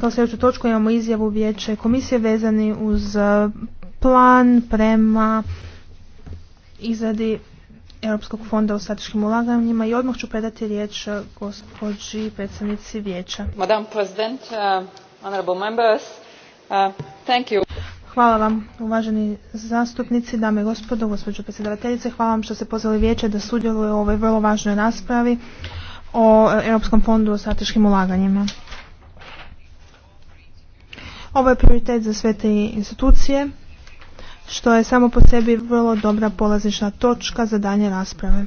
Kao sljedeću točku imamo izjavu vijeće komisije vezani uz e, plan prema izradi Europskog fonda o strateškim ulaganjima i odmah ću predati riječ e, gospođi predsjednici vijeća. E, Hvala vam, uvaženi zastupnici, dame i gospodo, gospođo predsjedavateljice. Hvala vam što ste pozvali vijeće da sudjeluje u ovoj vrlo važnoj raspravi o Europskom fondu o strateškim ulaganjima. Ovo je prioritet za sve te institucije, što je samo po sebi vrlo dobra polazišna točka za danje rasprave.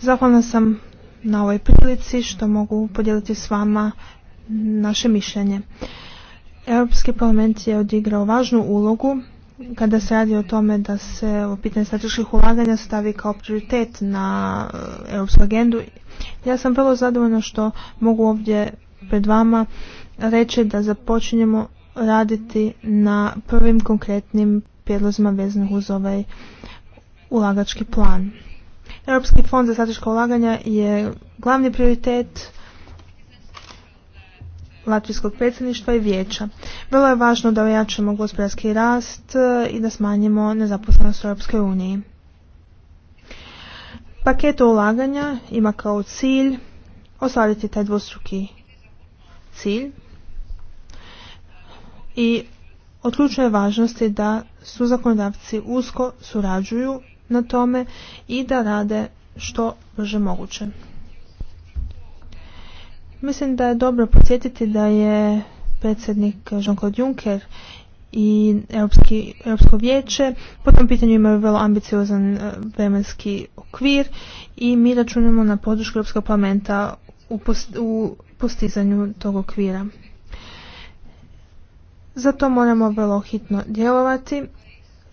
Zahvalna sam na ovoj prilici što mogu podijeliti s vama naše mišljenje. Europski parlament je odigrao važnu ulogu kada se radi o tome da se u pitanju strateških ulaganja stavi kao prioritet na e, europsku agendu. Ja sam vrlo zadovoljna što mogu ovdje pred vama reći da započinjemo raditi na prvim konkretnim prijedlozima veznih uz ovaj ulagački plan. Europski fond za strateška ulaganja je glavni prioritet Latvijskog predsjedništva i vijeća. Vrlo je važno da ojačamo gospodarski rast eh, i da smanjimo nezaposlenost u Europskoj uniji. Paket ulaganja ima kao cilj ostvariti taj dvostruki cilj i odlučuje važnosti da su zakonodavci usko surađuju na tome i da rade što brže moguće. Mislim da je dobro podsjetiti da je predsjednik Jean-Claude Juncker i Europski, Europsko vijeće po tom pitanju imaju vrlo ambiciozan e, vremenski okvir i mi računamo na podršku Europskog parlamenta u postizanju tog okvira. Zato moramo vrlo hitno djelovati.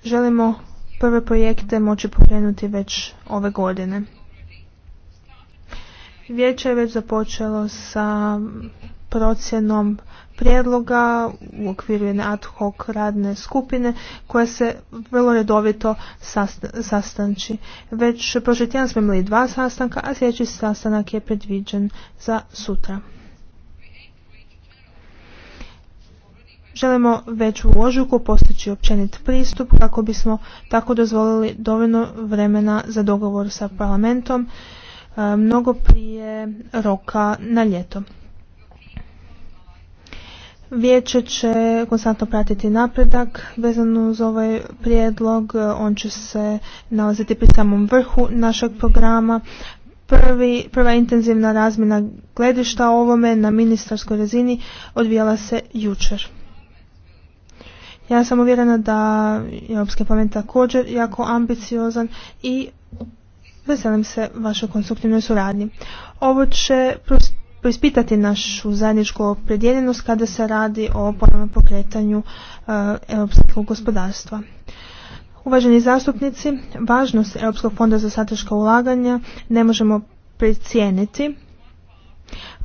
Želimo prve projekte moći pokrenuti već ove godine. Vijeće je već započelo sa procjenom prijedloga u okviru jedne ad hoc radne skupine koja se vrlo redovito sastanči. Već prošli tjedan smo imali dva sastanka, a sljedeći sastanak je predviđen za sutra. Želimo već u ožujku postići općenit pristup kako bismo tako dozvolili dovoljno vremena za dogovor sa parlamentom e, mnogo prije roka na ljeto. Vijeće će konstantno pratiti napredak vezano uz ovaj prijedlog. On će se nalaziti pri samom vrhu našeg programa. Prvi, prva intenzivna razmjena gledišta o ovome na ministarskoj razini odvijala se jučer. Ja sam uvjerena da je Europski parlament također jako ambiciozan i veselim se vašoj konstruktivnoj suradnji. Ovo će proispitati našu zajedničku opredjeljenost kada se radi o ponovnom pokretanju e, europskog gospodarstva. Uvaženi zastupnici, važnost Europskog fonda za strateška ulaganja ne možemo precijeniti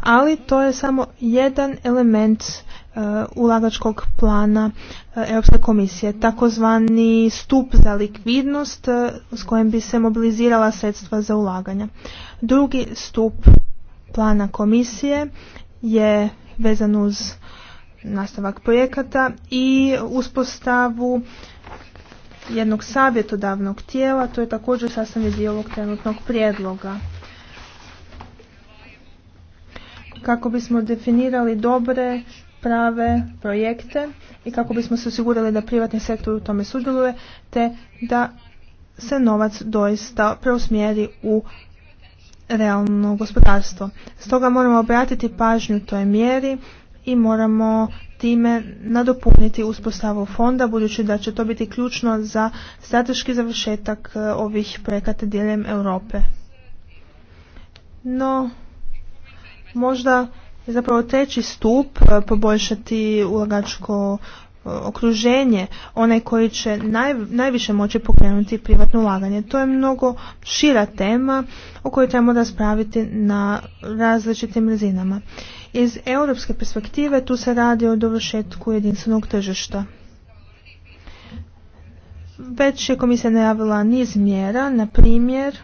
ali to je samo jedan element e, ulagačkog plana e, Europske komisije, takozvani stup za likvidnost e, s kojim bi se mobilizirala sredstva za ulaganja. Drugi stup plana komisije je vezan uz nastavak projekata i uspostavu jednog savjetodavnog tijela, to je također sastavni dio ovog trenutnog prijedloga kako bismo definirali dobre, prave projekte i kako bismo se osigurali da privatni sektor u tome sudjeluje te da se novac doista preusmjeri u realno gospodarstvo. Stoga moramo obratiti pažnju toj mjeri i moramo time nadopuniti uspostavu fonda budući da će to biti ključno za strateški završetak eh, ovih projekata diljem Europe. No, možda zapravo treći stup e, poboljšati ulagačko e, okruženje, onaj koji će naj, najviše moći pokrenuti privatno ulaganje. To je mnogo šira tema o kojoj trebamo raspraviti na različitim razinama. Iz europske perspektive tu se radi o dovršetku jedinstvenog tržišta. Već je komisija najavila niz mjera, na primjer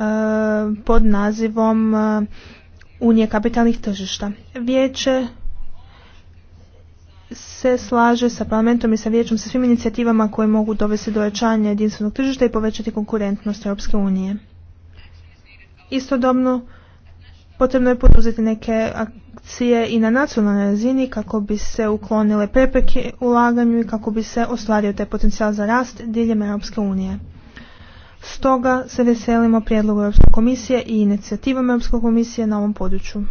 E, pod nazivom e, Unije kapitalnih tržišta. Vijeće se slaže sa parlamentom i sa vijećom sa svim inicijativama koje mogu dovesti do ojačanja jedinstvenog tržišta i povećati konkurentnost Europske unije. Istodobno, potrebno je poduzeti neke akcije i na nacionalnoj razini kako bi se uklonile prepreke ulaganju i kako bi se ostvario taj potencijal za rast diljem Europske unije. Stoga se veselimo prijedlogu Europske komisije i inicijativom Europske komisije na ovom području.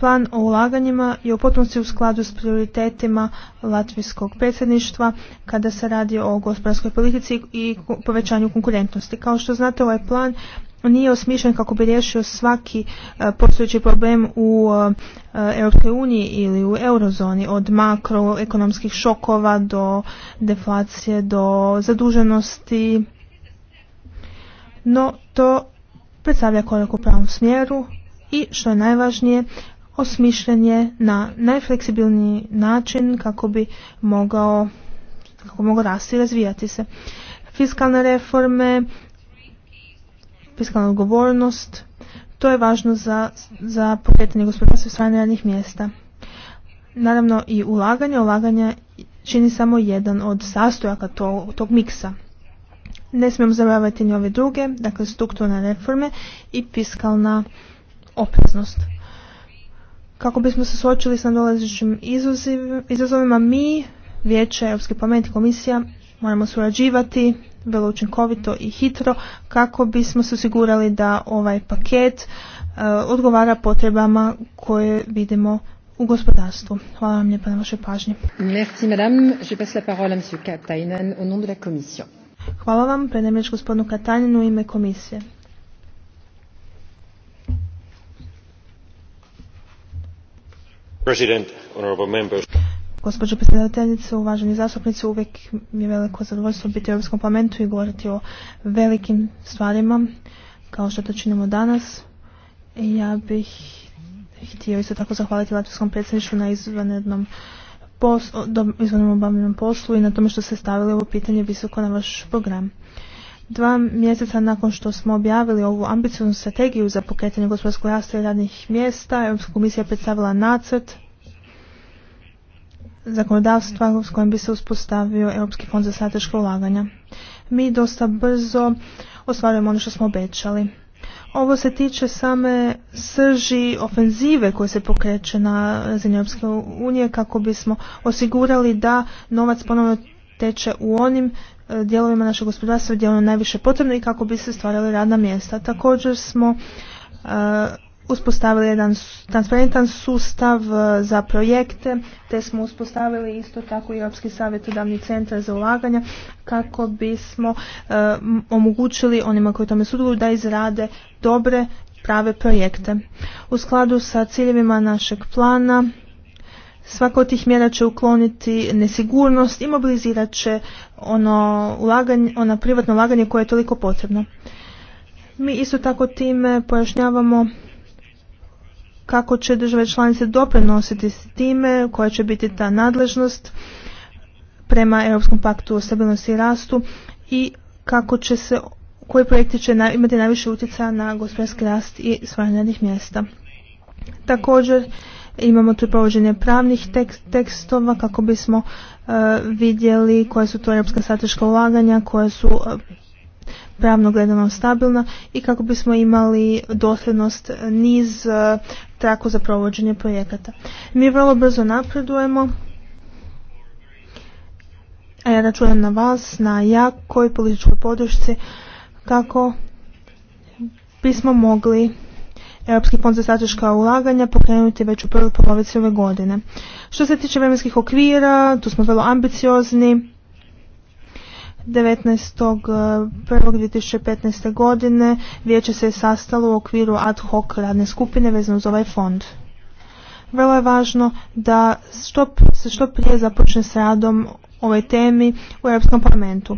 Plan o ulaganjima je u potpunosti u skladu s prioritetima latvijskog predsjedništva kada se radi o gospodarskoj politici i povećanju konkurentnosti. Kao što znate, ovaj plan nije osmišljen kako bi riješio svaki e, postojeći problem u e, EU ili u eurozoni od makroekonomskih šokova do deflacije do zaduženosti no to predstavlja korak u pravom smjeru i što je najvažnije osmišljen je na najfleksibilniji način kako bi mogao kako mogao rasti i razvijati se fiskalne reforme, fiskalna odgovornost, to je važno za, za pokretanje gospodarstva i stvaranje radnih mjesta. Naravno i ulaganje, ulaganje čini samo jedan od sastojaka tog, tog miksa. Ne smijemo zaboraviti ni ove druge, dakle strukturne reforme i fiskalna opreznost. Kako bismo se suočili sa nadolazećim izazovima, mi, Vijeće, Europski parlament i komisija moramo surađivati vrlo učinkovito i hitro kako bismo se osigurali da ovaj paket e, odgovara potrebama koje vidimo u gospodarstvu. Hvala vam lijepa na vašoj pažnji. Merci madame, je passe la parole à monsieur Katainen au nom de la commission. Hvala vam, predajem riječ gospodinu Katajninu u ime komisije. President, honorable members. Gospođo predsjedateljice, uvaženi zastupnici, uvijek mi je veliko zadovoljstvo biti u Europskom parlamentu i govoriti o velikim stvarima, kao što to činimo danas. Ja bih htio isto tako zahvaliti Latvijskom predsjedništvu na izvanrednom izvanrednom obavljenom poslu i na tome što ste stavili ovo pitanje visoko na vaš program. Dva mjeseca nakon što smo objavili ovu ambicioznu strategiju za pokretanje gospodarskog rasta i radnih mjesta, Europska komisija predstavila nacrt zakonodavstva s kojim bi se uspostavio Europski fond za strateško ulaganja. Mi dosta brzo ostvarujemo ono što smo obećali. Ovo se tiče same srži ofenzive koje se pokreće na razini Europske unije kako bismo osigurali da novac ponovno teče u onim e, dijelovima našeg gospodarstva gdje je ono najviše potrebno i kako bi se stvarali radna mjesta. Također smo e, uspostavili jedan transparentan sustav e, za projekte, te smo uspostavili isto tako i Europski savjetodavni centar za ulaganja kako bismo e, omogućili onima koji tome sudjeluju da izrade dobre prave projekte. U skladu sa ciljevima našeg plana Svaka od tih mjera će ukloniti nesigurnost i mobilizirat će ono, ulaganje, ono privatno ulaganje koje je toliko potrebno. Mi isto tako time pojašnjavamo kako će države članice doprinositi s time, koja će biti ta nadležnost prema Europskom paktu o stabilnosti i rastu i kako će se, koji projekti će imati najviše utjecaja na gospodarski rast i stvaranje mjesta. Također imamo tu provođenje pravnih tekstova kako bismo eh, vidjeli koje su to europska strateška ulaganja, koje su eh, pravno gledano stabilna i kako bismo imali dosljednost eh, niz eh, trako za provođenje projekata. Mi vrlo brzo napredujemo. A ja računam na vas, na jakoj političkoj podršci kako bismo mogli Europski fond za strateška ulaganja pokrenuti već u prvoj polovici ove godine. Što se tiče vremenskih okvira, tu smo vrlo ambiciozni. 19.1.2015. Eh, godine vijeće se je sastalo u okviru ad hoc radne skupine vezano uz ovaj fond. Vrlo je važno da se što, prije započne s radom ovoj temi u Europskom parlamentu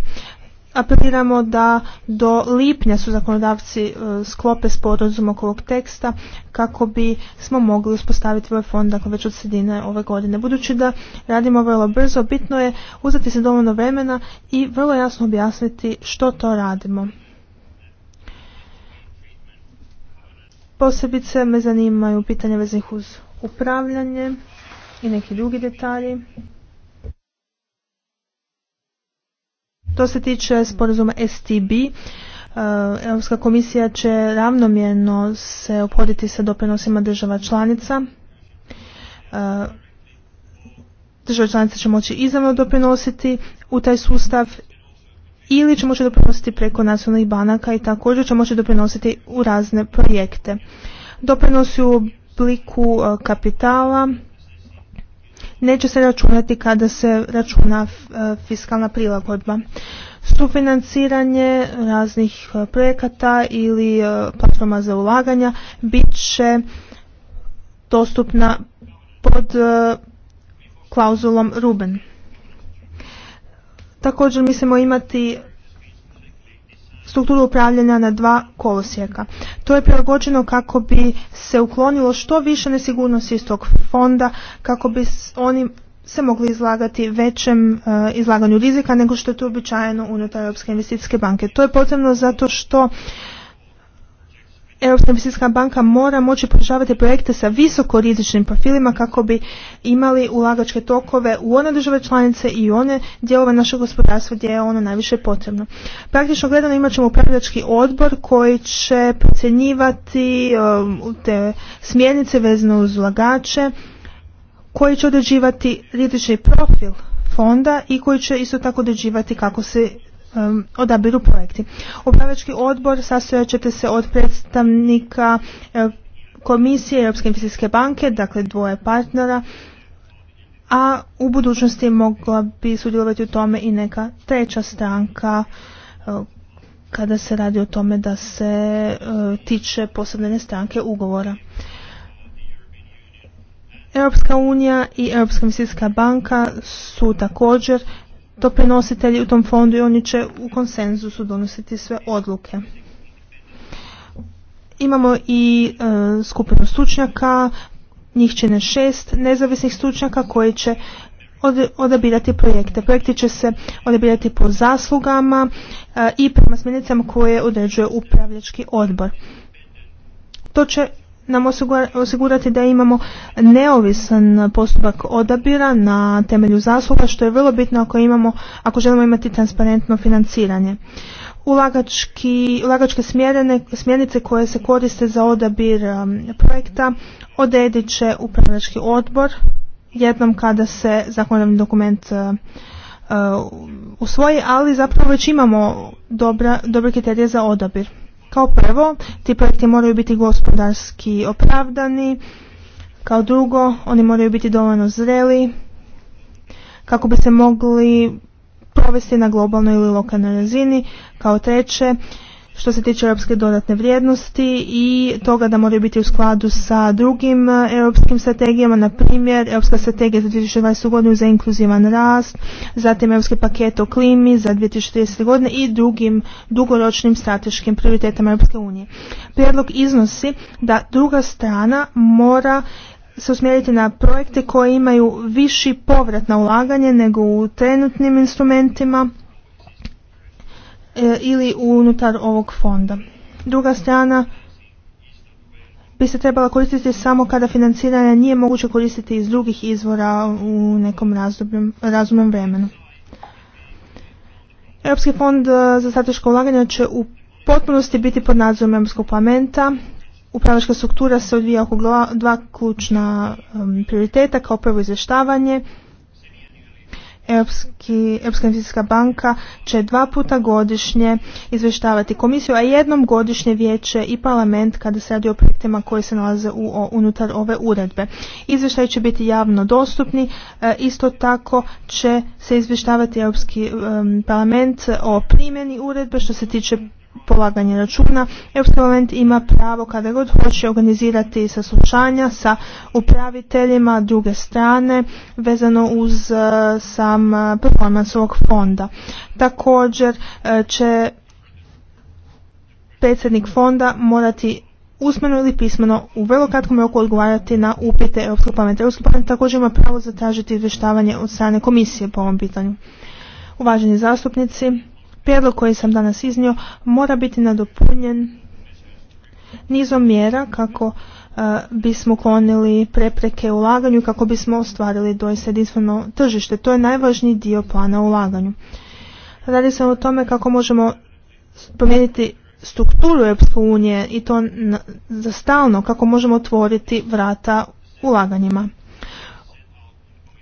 apeliramo da do lipnja su zakonodavci e, sklope sporazum oko ovog teksta kako bi smo mogli uspostaviti ovaj fond dakle već od sredine ove godine. Budući da radimo vrlo brzo, bitno je uzeti se dovoljno vremena i vrlo jasno objasniti što to radimo. Posebice me zanimaju pitanja vezanih uz upravljanje i neki drugi detalji. To se tiče sporazuma STB. Uh, Europska komisija će ravnomjerno se opoditi sa doprinosima država članica. Uh, država članice će moći izravno doprinositi u taj sustav ili će moći doprinositi preko nacionalnih banaka i također će moći doprinositi u razne projekte. Doprinosi u obliku uh, kapitala, neće se računati kada se računa eh, fiskalna prilagodba. Sufinanciranje raznih eh, projekata ili eh, platforma za ulaganja bit će dostupna pod klauzulom Ruben. Također mislimo imati strukturu upravljanja na dva kolosijeka. To je prilagođeno kako bi se uklonilo što više nesigurnosti iz tog fonda, kako bi oni se mogli izlagati većem eh, izlaganju rizika nego što je to uobičajeno unutar Europske investicijske banke. To je potrebno zato što Europska investicijska banka mora moći podržavati projekte sa visoko rizičnim profilima kako bi imali ulagačke tokove u one države članice i one dijelove našeg gospodarstva gdje je ono najviše potrebno. Praktično gledano imat ćemo upravljački odbor koji će procjenjivati um, te smjernice vezano uz ulagače koji će određivati rizični profil fonda i koji će isto tako određivati kako se Um, odabiru projekti. Upravljački odbor sastojat ćete se od predstavnika eh, Komisije Europske investicijske banke, dakle dvoje partnera, a u budućnosti mogla bi sudjelovati u tome i neka treća stranka eh, kada se radi o tome da se eh, tiče posebne stranke ugovora. Europska unija i Europska investicijska banka su također doprinositelji u tom fondu i oni će u konsenzusu donositi sve odluke. Imamo i e, skupinu stručnjaka, njih čine šest nezavisnih stručnjaka koji će odabirati projekte. Projekti će se odabirati po zaslugama e, i prema smjernicama koje određuje upravljački odbor. To će nam osigurati da imamo neovisan postupak odabira na temelju zasluga što je vrlo bitno ako imamo ako želimo imati transparentno financiranje. Ulagački, ulagačke smjerene, smjernice koje se koriste za odabir um, projekta odredit će upravljački odbor jednom kada se zakonodavni dokument uh, uh, usvoji, ali zapravo već imamo dobra, dobre kriterije za odabir. Kao prvo, ti projekti moraju biti gospodarski opravdani, kao drugo, oni moraju biti dovoljno zreli kako bi se mogli provesti na globalnoj ili lokalnoj razini, kao treće, što se tiče europske dodatne vrijednosti i toga da moraju biti u skladu sa drugim e, europskim strategijama, na primjer Europska strategija za 2020. godinu za inkluzivan rast, zatim Europski paket o klimi za 2030. godine i drugim dugoročnim strateškim prioritetama Europske unije. Prijedlog iznosi da druga strana mora se usmjeriti na projekte koji imaju viši povrat na ulaganje nego u trenutnim instrumentima, E, ili unutar ovog fonda. Druga strana bi se trebala koristiti samo kada financiranje nije moguće koristiti iz drugih izvora u nekom razumnom vremenu. Europski fond e, za strateško ulaganje će u potpunosti biti pod nadzorom Europskog parlamenta. Upravljačka struktura se odvija oko dva ključna e, prioriteta, kao prvo izvještavanje Europska investicijska banka će dva puta godišnje izvještavati komisiju, a jednom godišnje vijeće i parlament kada se radi o projektima koji se nalaze u, unutar ove uredbe. Izvještaj će biti javno dostupni, e, isto tako će se izvještavati Europski parlament o primjeni uredbe što se tiče polaganje računa. Europski parlament ima pravo kada god hoće organizirati saslušanja sa upraviteljima druge strane vezano uz e, sam e, performans ovog fonda. Također e, će predsjednik fonda morati usmeno ili pismeno u vrlo kratkom roku odgovarati na upite Europskog parlamenta. Europski parlament također ima pravo zatražiti izvještavanje od strane komisije po ovom pitanju. Uvaženi zastupnici, Prijedlog koji sam danas iznio mora biti nadopunjen nizom mjera kako e, bismo klonili prepreke ulaganju kako bismo ostvarili doista jedinstveno tržište. To je najvažniji dio plana ulaganju. Radi se o tome kako možemo promijeniti strukturu EU unije i to za stalno kako možemo otvoriti vrata ulaganjima.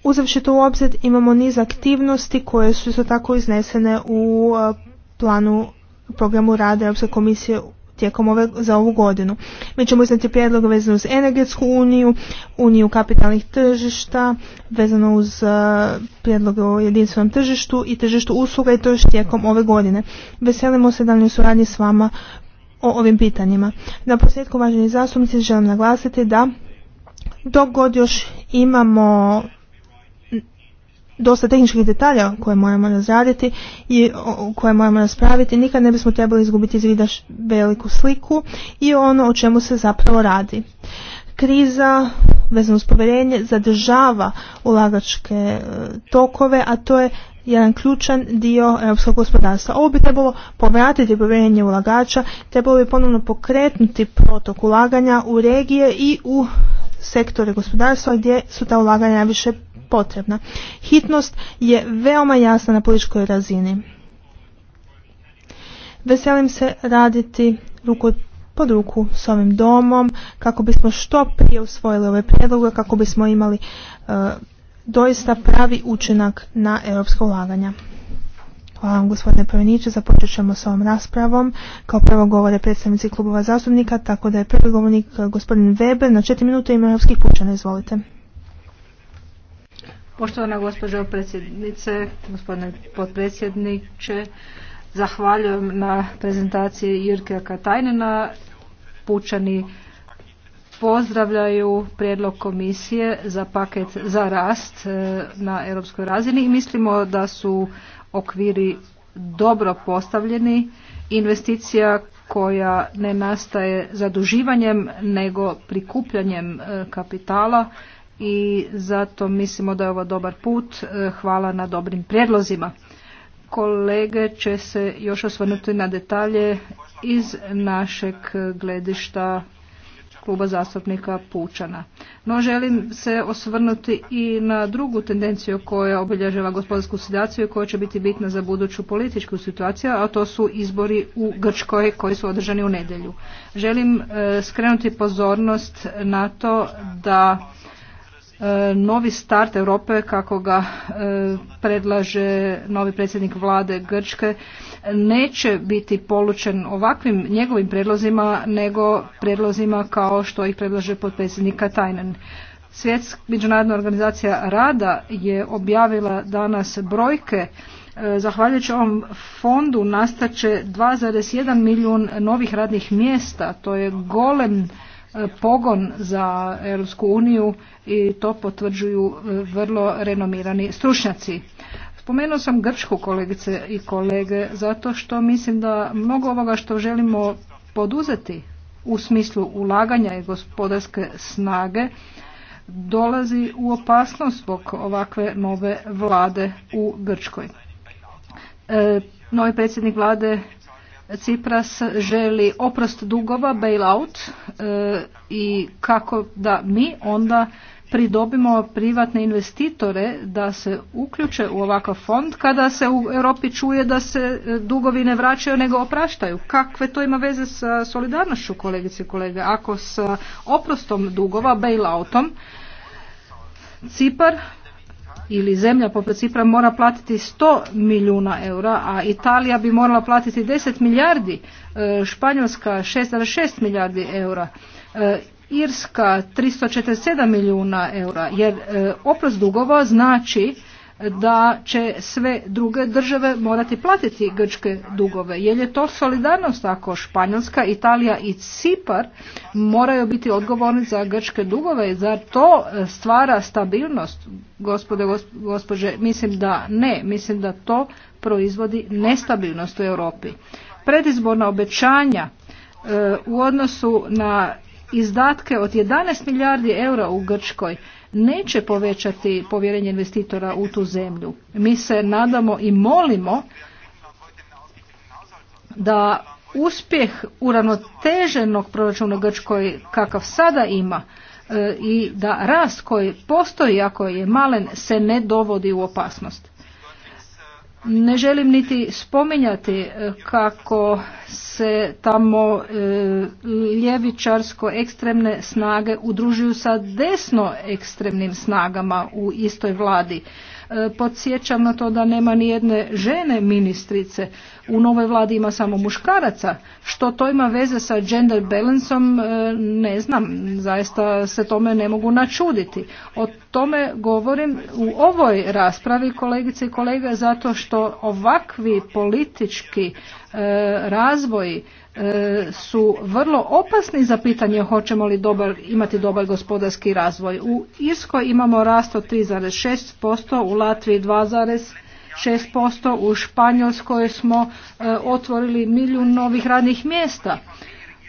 Uzavši to u obzir imamo niz aktivnosti koje su isto tako iznesene u e, planu programu rada Europske komisije tijekom ove, za ovu godinu. Mi ćemo iznati prijedlog vezano uz energetsku uniju, uniju kapitalnih tržišta, vezano uz e, prijedlog o jedinstvenom tržištu i tržištu usluga i to još tijekom ove godine. Veselimo se daljnjoj suradnji s vama o ovim pitanjima. Na posljedku, važni zastupnici, želim naglasiti da dok god još imamo dosta tehničkih detalja koje moramo razraditi i koje moramo raspraviti, nikad ne bismo trebali izgubiti iz vida veliku sliku i ono o čemu se zapravo radi. Kriza vezano uz povjerenje zadržava ulagačke e, tokove, a to je jedan ključan dio europskog gospodarstva. Ovo bi trebalo povratiti povjerenje ulagača, trebalo bi ponovno pokretnuti protok ulaganja u regije i u sektore gospodarstva gdje su ta ulaganja najviše potrebna. Hitnost je veoma jasna na političkoj razini. Veselim se raditi ruku pod ruku s ovim domom kako bismo što prije usvojili ove prijedloge, kako bismo imali e, doista pravi učinak na europska ulaganja. Hvala vam gospodine Prveniće, započet ćemo s ovom raspravom. Kao prvo govore predstavnici klubova zastupnika, tako da je prvi govornik e, gospodin Weber na četiri minute ima europskih pučana. Izvolite. Poštovana gospođo predsjednice, gospodine potpredsjedniče, zahvaljujem na prezentaciji Jirke Katajnina. Pučani pozdravljaju prijedlog komisije za paket za rast e, na europskoj razini i mislimo da su okviri dobro postavljeni. Investicija koja ne nastaje zaduživanjem nego prikupljanjem e, kapitala i zato mislimo da je ovo dobar put. E, hvala na dobrim prijedlozima. Kolege će se još osvrnuti na detalje iz našeg gledišta kluba zastupnika Pučana. No želim se osvrnuti i na drugu tendenciju koja obilježava gospodarsku situaciju i koja će biti bitna za buduću političku situaciju, a to su izbori u Grčkoj koji su održani u nedjelju. Želim e, skrenuti pozornost na to da E, novi start Europe kako ga e, predlaže novi predsjednik vlade Grčke neće biti polučen ovakvim njegovim predlozima nego predlozima kao što ih predlaže potpredsjednik Tajnen. Svjetska međunarodna organizacija rada je objavila danas brojke e, Zahvaljujući ovom fondu će 2,1 milijun novih radnih mjesta. To je golem E, pogon za Europsku uniju i to potvrđuju e, vrlo renomirani stručnjaci. Spomenuo sam Grčku kolegice i kolege zato što mislim da mnogo ovoga što želimo poduzeti u smislu ulaganja i gospodarske snage dolazi u opasnost zbog ovakve nove vlade u Grčkoj. E, novi predsjednik vlade Cipras želi oprost dugova, bailout e, i kako da mi onda pridobimo privatne investitore da se uključe u ovakav fond kada se u Europi čuje da se e, dugovi ne vraćaju nego opraštaju. Kakve to ima veze sa solidarnošću kolegice i kolege? Ako s oprostom dugova, bailoutom, Cipar ili zemlja poput Cipra mora platiti 100 milijuna eura, a Italija bi morala platiti 10 milijardi, e, Španjolska 6,6 milijardi eura, e, Irska 347 milijuna eura, jer e, oprost dugova znači da će sve druge države morati platiti grčke dugove. Jer je to solidarnost ako Španjolska, Italija i Cipar moraju biti odgovorni za grčke dugove. Zar to e, stvara stabilnost? Gospode, gospođe, mislim da ne. Mislim da to proizvodi nestabilnost u Europi. Predizborna obećanja e, u odnosu na izdatke od 11 milijardi eura u Grčkoj neće povećati povjerenje investitora u tu zemlju. Mi se nadamo i molimo da uspjeh uravnoteženog proračuna Grčkoj kakav sada ima e, i da rast koji postoji ako je malen se ne dovodi u opasnost. Ne želim niti spominjati e, kako se tamo e, ljevičarsko ekstremne snage udružuju sa desno ekstremnim snagama u istoj vladi. E, podsjećam na to da nema ni jedne žene ministrice. U novoj vladi ima samo muškaraca. Što to ima veze sa gender balanceom, e, ne znam. Zaista se tome ne mogu načuditi. O tome govorim u ovoj raspravi, kolegice i kolege, zato što ovakvi politički e, razvoji E, su vrlo opasni za pitanje hoćemo li dobar, imati dobar gospodarski razvoj. U Irskoj imamo rast od 3,6%, u Latviji 2,6%, u Španjolskoj smo e, otvorili milijun novih radnih mjesta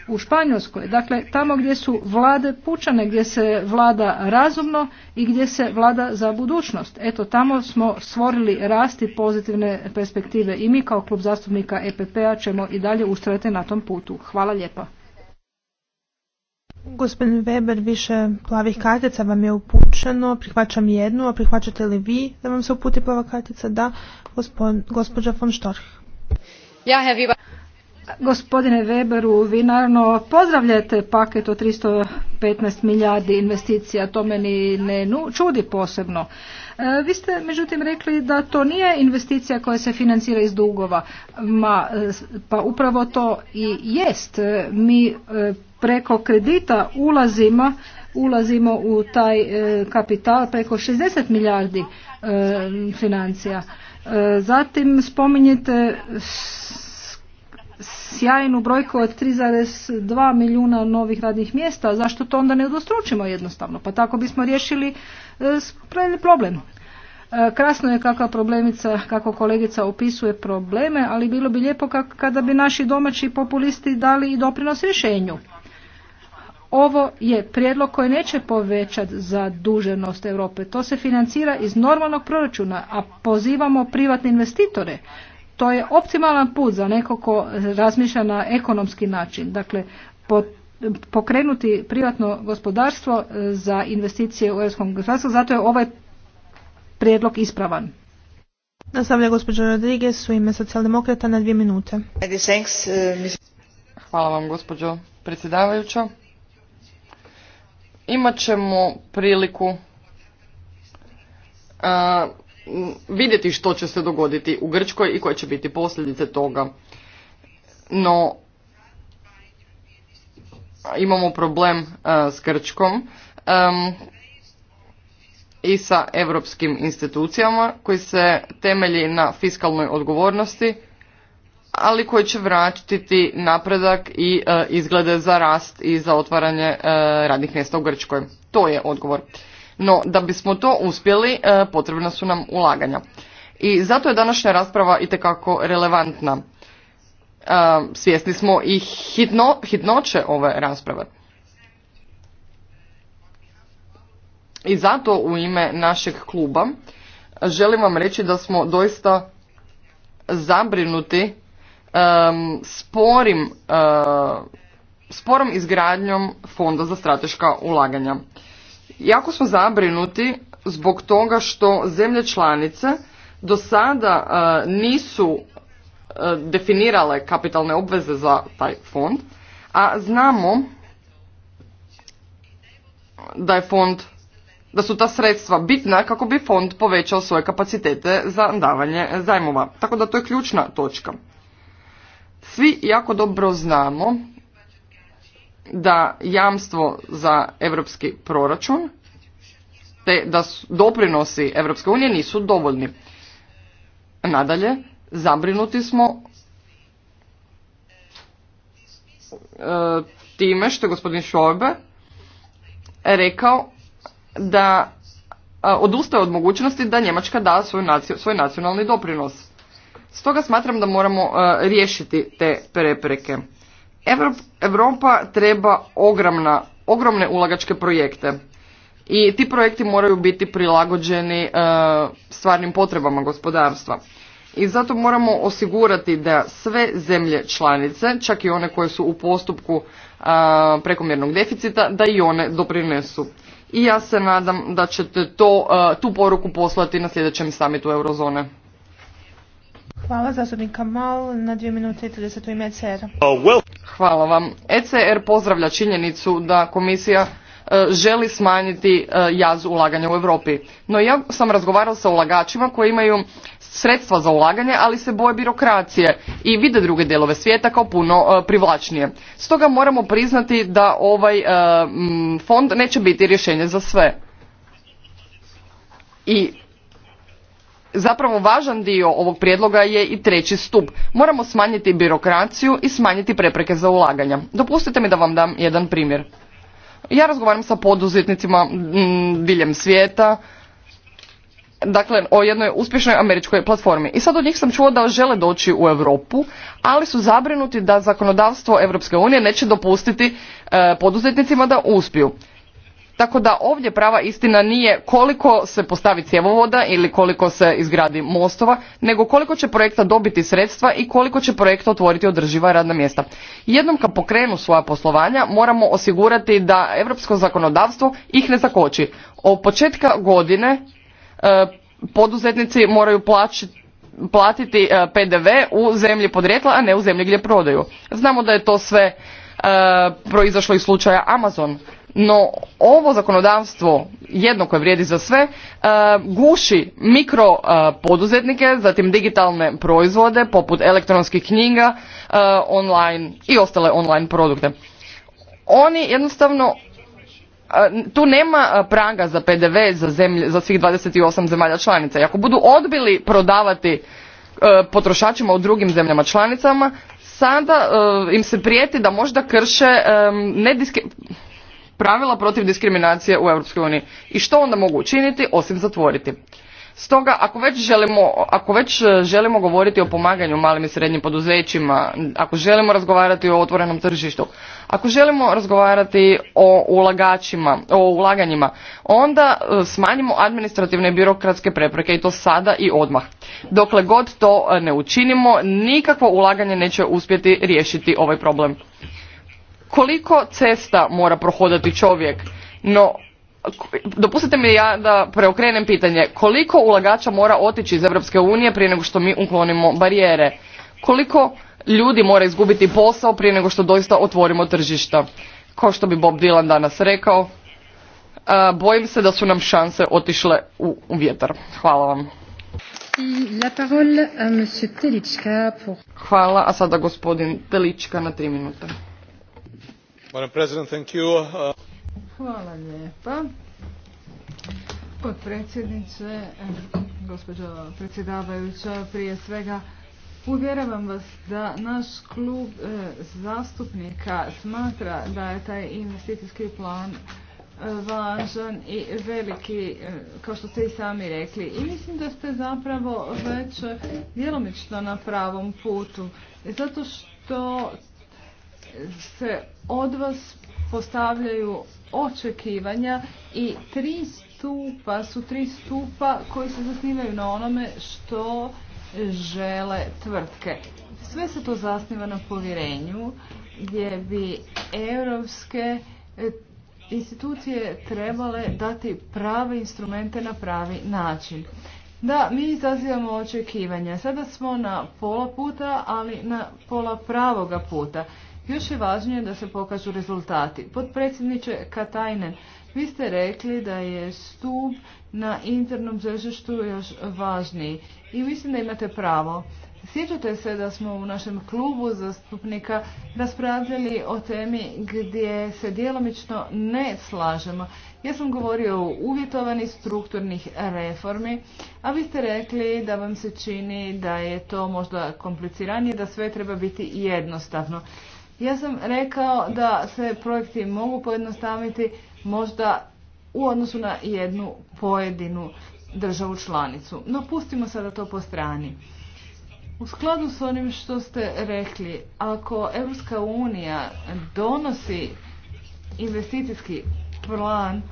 u Španjolskoj, dakle tamo gdje su vlade pučane, gdje se vlada razumno i gdje se vlada za budućnost. Eto tamo smo stvorili rasti pozitivne perspektive i mi kao klub zastupnika EPP-a ćemo i dalje ustrajati na tom putu. Hvala lijepa. Gospodin Weber, više plavih kartica vam je upućeno, prihvaćam jednu, a prihvaćate li vi da vam se uputi plava kartica? Da, gospođa von Storch. Ja, Herr Weber. Gospodine Weberu, vi naravno pozdravljate paket od 315 milijardi investicija, to meni ne čudi posebno. E, vi ste međutim rekli da to nije investicija koja se financira iz dugova, Ma, e, pa upravo to i jest. E, mi preko kredita ulazima, ulazimo u taj kapital preko 60 milijardi financija. Zatim spominjete sjajnu brojku od 3,2 milijuna novih radnih mjesta, zašto to onda ne odostručimo jednostavno? Pa tako bismo riješili e, problem. E, krasno je kakva problemica, kako kolegica opisuje probleme, ali bilo bi lijepo kada bi naši domaći populisti dali i doprinos rješenju. Ovo je prijedlog koji neće povećati zaduženost Europe. To se financira iz normalnog proračuna, a pozivamo privatne investitore to je optimalan put za neko ko razmišlja na ekonomski način. Dakle, po pokrenuti privatno gospodarstvo e, za investicije u europskom gospodarstvu, zato je ovaj prijedlog ispravan. Nastavlja gospođa Rodriguez u ime socijaldemokrata na dvije minute. Hvala vam gospođo predsjedavajuća. Imat priliku vidjeti što će se dogoditi u Grčkoj i koje će biti posljedice toga. No, imamo problem e, s Grčkom i sa europskim institucijama koji se temelji na fiskalnoj odgovornosti, ali koji će vratiti napredak i e, izglede za rast i za otvaranje e, radnih mjesta u Grčkoj. To je odgovor. No, da bismo to uspjeli, e, potrebna su nam ulaganja. I zato je današnja rasprava itekako relevantna. E, svjesni smo i hitno, hitnoće ove rasprave. I zato u ime našeg kluba želim vam reći da smo doista zabrinuti sporim, e, sporom izgradnjom Fonda za strateška ulaganja. Jako smo zabrinuti zbog toga što zemlje članice do sada e, nisu e, definirale kapitalne obveze za taj fond, a znamo da je fond da su ta sredstva bitna kako bi fond povećao svoje kapacitete za davanje zajmova. Tako da to je ključna točka. Svi jako dobro znamo da jamstvo za europski proračun te da doprinosi Europske unije nisu dovoljni. Nadalje, zabrinuti smo e, time što je gospodin Šorbe rekao da e, odustaje od mogućnosti da Njemačka da svoj nacionalni doprinos. Stoga smatram da moramo e, riješiti te prepreke. Europa treba ogromna, ogromne ulagačke projekte i ti projekti moraju biti prilagođeni e, stvarnim potrebama gospodarstva. I zato moramo osigurati da sve zemlje članice, čak i one koje su u postupku e, prekomjernog deficita, da i one doprinesu. I ja se nadam da ćete to, e, tu poruku poslati na sljedećem samitu Eurozone. Hvala zastupnik na 2 minute i 30 ime ECR. Oh, Hvala vam. ECR pozdravlja činjenicu da komisija e, želi smanjiti e, jaz ulaganja u Europi. No ja sam razgovarao sa ulagačima koji imaju sredstva za ulaganje, ali se boje birokracije i vide druge delove svijeta kao puno e, privlačnije. Stoga moramo priznati da ovaj fond neće biti rješenje za sve. I zapravo važan dio ovog prijedloga je i treći stup. Moramo smanjiti birokraciju i smanjiti prepreke za ulaganja. Dopustite mi da vam dam jedan primjer. Ja razgovaram sa poduzetnicima diljem svijeta, dakle o jednoj uspješnoj američkoj platformi. I sad od njih sam čuo da žele doći u Europu, ali su zabrinuti da zakonodavstvo Europske unije neće dopustiti e, poduzetnicima da uspiju. Tako da ovdje prava istina nije koliko se postavi cjevovoda ili koliko se izgradi mostova, nego koliko će projekta dobiti sredstva i koliko će projekta otvoriti održiva radna mjesta. Jednom kad pokrenu svoja poslovanja moramo osigurati da evropsko zakonodavstvo ih ne zakoči. Od početka godine e, poduzetnici moraju platiti e, PDV u zemlji podrijetla, a ne u zemlji gdje prodaju. Znamo da je to sve e, proizašlo iz slučaja Amazon no ovo zakonodavstvo jedno koje vrijedi za sve e, guši mikro e, poduzetnike zatim digitalne proizvode poput elektronskih knjiga e, online i ostale online produkte oni jednostavno tu nema praga za PDV za, zemlje, za svih 28 zemalja članica. I ako budu odbili prodavati potrošačima u drugim zemljama članicama, sada im se prijeti da možda krše ne pravila protiv diskriminacije u EU. I što onda mogu učiniti osim zatvoriti? Stoga, ako već, želimo, ako već e, želimo govoriti o pomaganju malim i srednjim poduzećima, ako želimo razgovarati o otvorenom tržištu, ako želimo razgovarati o ulagačima, o ulaganjima, onda e, smanjimo administrativne i birokratske prepreke i to sada i odmah. Dokle god to e, ne učinimo, nikakvo ulaganje neće uspjeti riješiti ovaj problem koliko cesta mora prohodati čovjek, no dopustite mi ja da preokrenem pitanje, koliko ulagača mora otići iz Europske unije prije nego što mi uklonimo barijere, koliko ljudi mora izgubiti posao prije nego što doista otvorimo tržišta. Kao što bi Bob Dylan danas rekao, e, bojim se da su nam šanse otišle u, vjetar. Hvala vam. La parole pour... Hvala, a sada gospodin Telička na tri minute. Uh, Hvala lijepa. Potpredsjednice, gospođo predsjedavajuća, prije svega uvjeravam vas da naš klub e, zastupnika smatra da je taj investicijski plan e, važan i veliki, e, kao što ste i sami rekli. I mislim da ste zapravo već djelomično na pravom putu, zato što se od vas postavljaju očekivanja i tri stupa su tri stupa koji se zasnivaju na onome što žele tvrtke. Sve se to zasniva na povjerenju gdje bi europske e, institucije trebale dati prave instrumente na pravi način. Da, mi izazivamo očekivanja. Sada smo na pola puta, ali na pola pravoga puta. Još je važnije da se pokažu rezultati. Podpredsjedniče Katajnen, vi ste rekli da je stup na internom tržištu još važniji i mislim da imate pravo. Sjećate se da smo u našem klubu zastupnika raspravljali o temi gdje se djelomično ne slažemo. Ja sam govorio o uvjetovani strukturnih reformi, a vi ste rekli da vam se čini da je to možda kompliciranije, da sve treba biti jednostavno. Ja sam rekao da se projekti mogu pojednostaviti možda u odnosu na jednu pojedinu državu članicu. No pustimo sada to po strani. U skladu s onim što ste rekli, ako Europska unija donosi investicijski plan,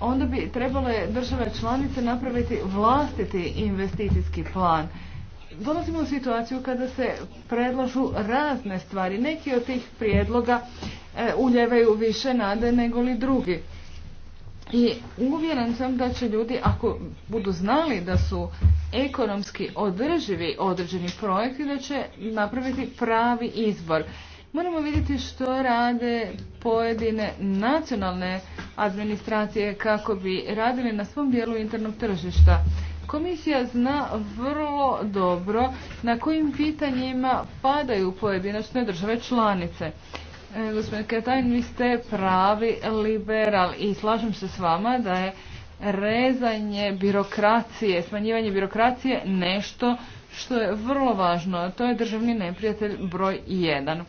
onda bi trebale države članice napraviti vlastiti investicijski plan dolazimo u situaciju kada se predlažu razne stvari. Neki od tih prijedloga e, uljevaju više nade nego li drugi. I uvjeren sam da će ljudi, ako budu znali da su ekonomski održivi određeni projekti, da će napraviti pravi izbor. Moramo vidjeti što rade pojedine nacionalne administracije kako bi radili na svom dijelu internog tržišta. Komisija zna vrlo dobro na kojim pitanjima padaju pojedinačne države članice. Gospodine Gospodin vi ste pravi liberal i slažem se s vama da je rezanje birokracije, smanjivanje birokracije nešto što je vrlo važno. To je državni neprijatelj broj 1.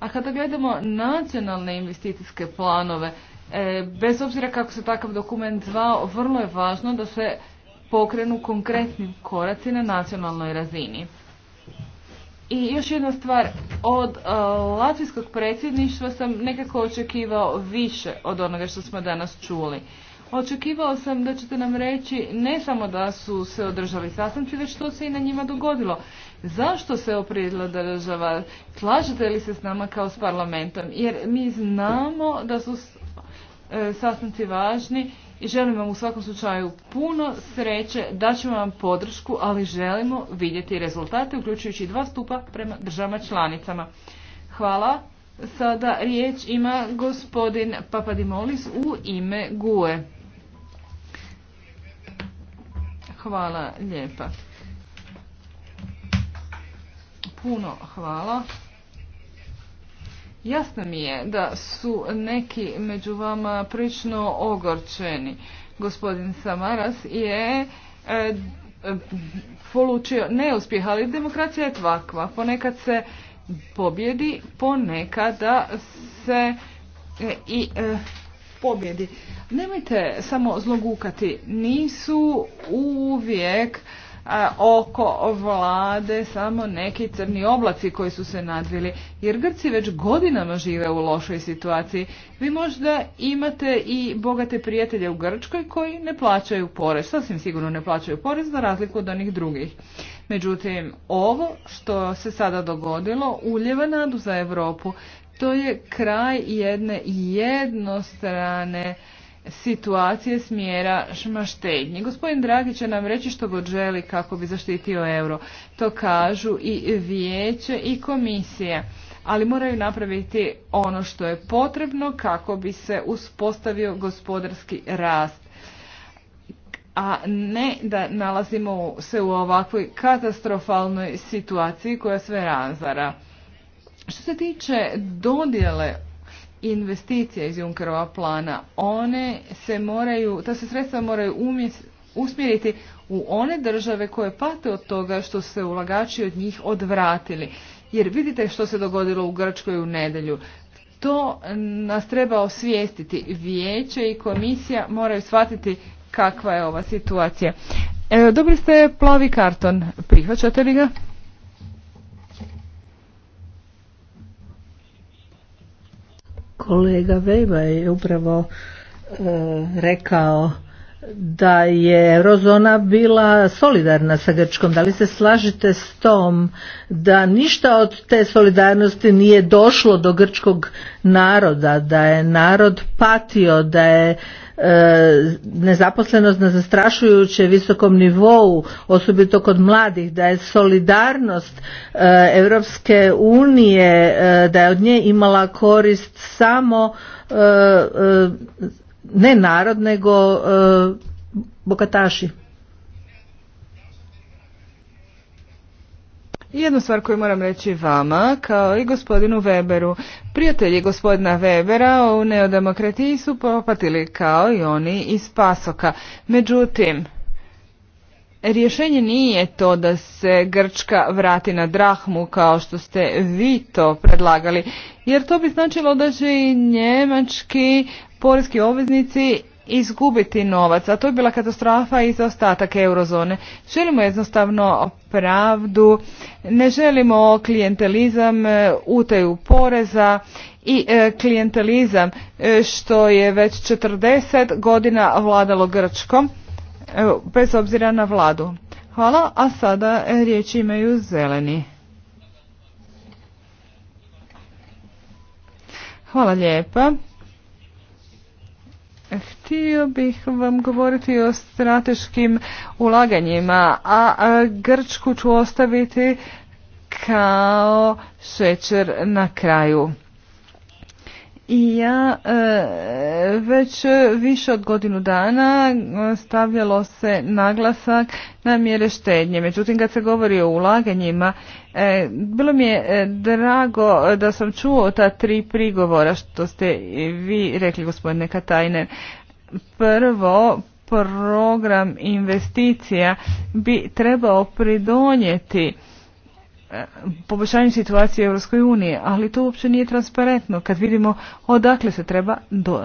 A kada gledamo nacionalne investicijske planove, e, bez obzira kako se takav dokument zvao, vrlo je važno da se pokrenu konkretnim koraci na nacionalnoj razini. I još jedna stvar, od e, latvijskog predsjedništva sam nekako očekivao više od onoga što smo danas čuli. Očekivao sam da ćete nam reći ne samo da su se održali sastanci, već što se i na njima dogodilo. Zašto se oprijedila država? Slažete li se s nama kao s parlamentom? Jer mi znamo da su e, sastanci važni i želim vam u svakom slučaju puno sreće, daćemo vam podršku, ali želimo vidjeti rezultate, uključujući dva stupa prema državama članicama. Hvala. Sada riječ ima gospodin Papadimolis u ime GUE. Hvala lijepa. Puno hvala. Jasno mi je da su neki među vama prično ogorčeni. Gospodin Samaras je e, polučio neuspjeh, ali demokracija je tvakva. Ponekad se pobjedi, ponekada se e, i e, pobjedi. Nemojte samo zlogukati, nisu uvijek oko vlade samo neki crni oblaci koji su se nadvili, jer Grci već godinama žive u lošoj situaciji. Vi možda imate i bogate prijatelje u Grčkoj koji ne plaćaju porez, sasvim sigurno ne plaćaju porez za razliku od onih drugih. Međutim, ovo što se sada dogodilo uljeva nadu za Europu. To je kraj jedne jednostrane situacije smjera šmaštednje. Gospodin Dragi će nam reći što god želi kako bi zaštitio euro. To kažu i vijeće i komisije, ali moraju napraviti ono što je potrebno kako bi se uspostavio gospodarski rast a ne da nalazimo se u ovakvoj katastrofalnoj situaciji koja sve razara. Što se tiče dodjele investicija iz Junkerova plana. One se moraju, ta se sredstva moraju usmjeriti u one države koje pate od toga što se ulagači od njih odvratili. Jer vidite što se dogodilo u Grčkoj u nedjelju. To nas treba osvijestiti. Vijeće i komisija moraju shvatiti kakva je ova situacija. E, dobri ste plavi karton. Prihvaćate li ga? Kolega Vejba je upravo e, rekao da je eurozona bila solidarna sa Grčkom. Da li se slažete s tom da ništa od te solidarnosti nije došlo do grčkog naroda, da je narod patio, da je E, nezaposlenost na zastrašujuće visokom nivou, osobito kod mladih, da je solidarnost Europske unije, e, da je od nje imala korist samo e, ne narod, nego bogataši. Jednu stvar koju moram reći vama, kao i gospodinu Weberu. Prijatelji gospodina Webera u neodemokratiji su popatili kao i oni iz Pasoka. Međutim, rješenje nije to da se Grčka vrati na drahmu kao što ste vi to predlagali, jer to bi značilo da će i njemački poreski obveznici izgubiti novac, a to je bila katastrofa i za ostatak eurozone. Želimo jednostavno pravdu, ne želimo klijentelizam, e, utaju poreza i e, klijentelizam e, što je već 40 godina vladalo Grčkom, bez obzira na vladu. Hvala, a sada riječ imaju zeleni. Hvala lijepa. Htio bih vam govoriti o strateškim ulaganjima, a Grčku ću ostaviti kao šećer na kraju. I ja e, već više od godinu dana e, stavljalo se naglasak na mjere štednje. Međutim, kad se govori o ulaganjima, e, bilo mi je drago da sam čuo ta tri prigovora što ste vi rekli, gospodine Katajne. Prvo, program investicija bi trebao pridonijeti poboljšanju situacije u EU, ali to uopće nije transparentno kad vidimo odakle se treba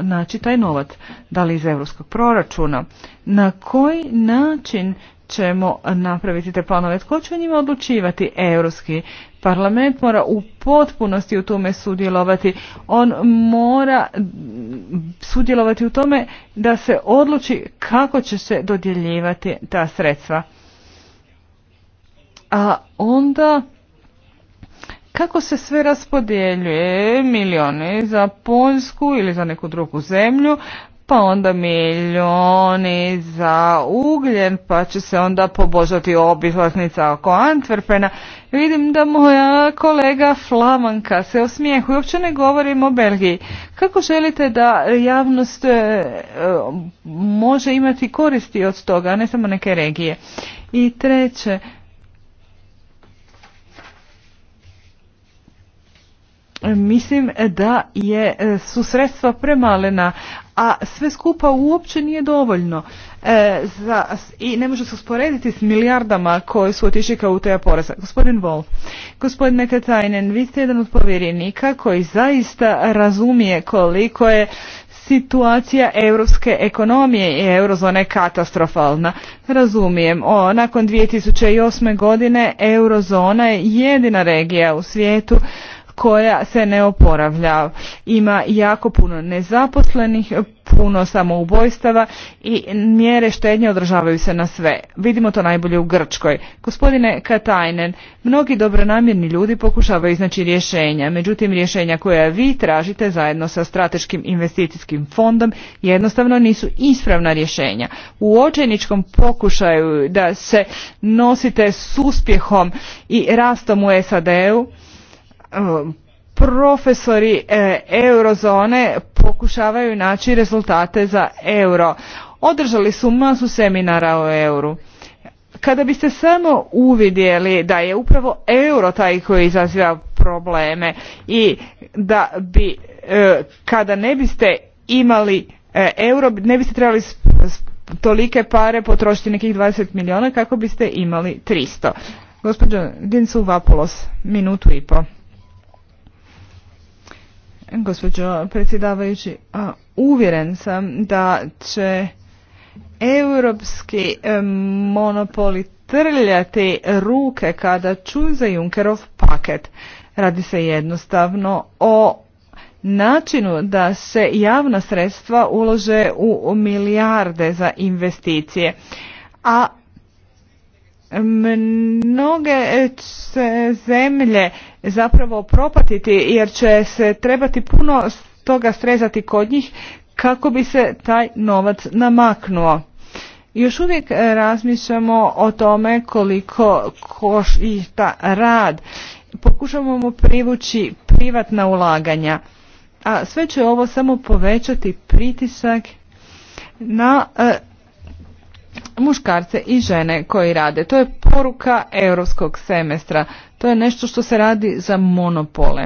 naći taj novac, da li iz europskog proračuna, na koji način ćemo napraviti te planove, tko će o njima odlučivati? Europski parlament mora u potpunosti u tome sudjelovati, on mora sudjelovati u tome da se odluči kako će se dodjeljivati ta sredstva a onda kako se sve raspodjeljuje milijoni za Poljsku ili za neku drugu zemlju, pa onda milijoni za ugljen, pa će se onda pobožati obilaznica oko Antwerpena. Vidim da moja kolega Flamanka se osmijehuje, uopće ne govorim o Belgiji. Kako želite da javnost e, e, može imati koristi od toga, a ne samo neke regije? I treće, Mislim da je, e, su sredstva premalena, a sve skupa uopće nije dovoljno e, za, i ne može se usporediti s milijardama koje su otišli kao utaja poreza. Gospodin Vol, gospodine Katainen, vi ste jedan od povjerenika koji zaista razumije koliko je situacija europske ekonomije i eurozone katastrofalna. Razumijem, o, nakon 2008. godine eurozona je jedina regija u svijetu koja se ne oporavlja. Ima jako puno nezaposlenih, puno samoubojstava i mjere štednje održavaju se na sve. Vidimo to najbolje u Grčkoj. Gospodine Katainen, mnogi dobronamjerni ljudi pokušavaju iznaći rješenja, međutim rješenja koja vi tražite zajedno sa strateškim investicijskim fondom jednostavno nisu ispravna rješenja. U očajničkom pokušaju da se nosite s uspjehom i rastom u SAD-u, profesori e, eurozone pokušavaju naći rezultate za euro. Održali su masu seminara o euru. Kada biste samo uvidjeli da je upravo euro taj koji izaziva probleme i da bi e, kada ne biste imali e, euro, ne biste trebali tolike pare potrošiti nekih 20 milijuna kako biste imali 300. Gospođo Dinsu Vapolos, minutu i po gospođo predsjedavajući. Uvjeren sam da će europski e, monopoli trljati ruke kada čuju za Junkerov paket. Radi se jednostavno o načinu da se javna sredstva ulože u milijarde za investicije. A mnoge e, zemlje zapravo propatiti jer će se trebati puno toga strezati kod njih kako bi se taj novac namaknuo. Još uvijek e, razmišljamo o tome koliko ta rad. Pokušamo mu privući privatna ulaganja. A sve će ovo samo povećati pritisak na e, muškarce i žene koji rade. To je poruka europskog semestra. To je nešto što se radi za monopole.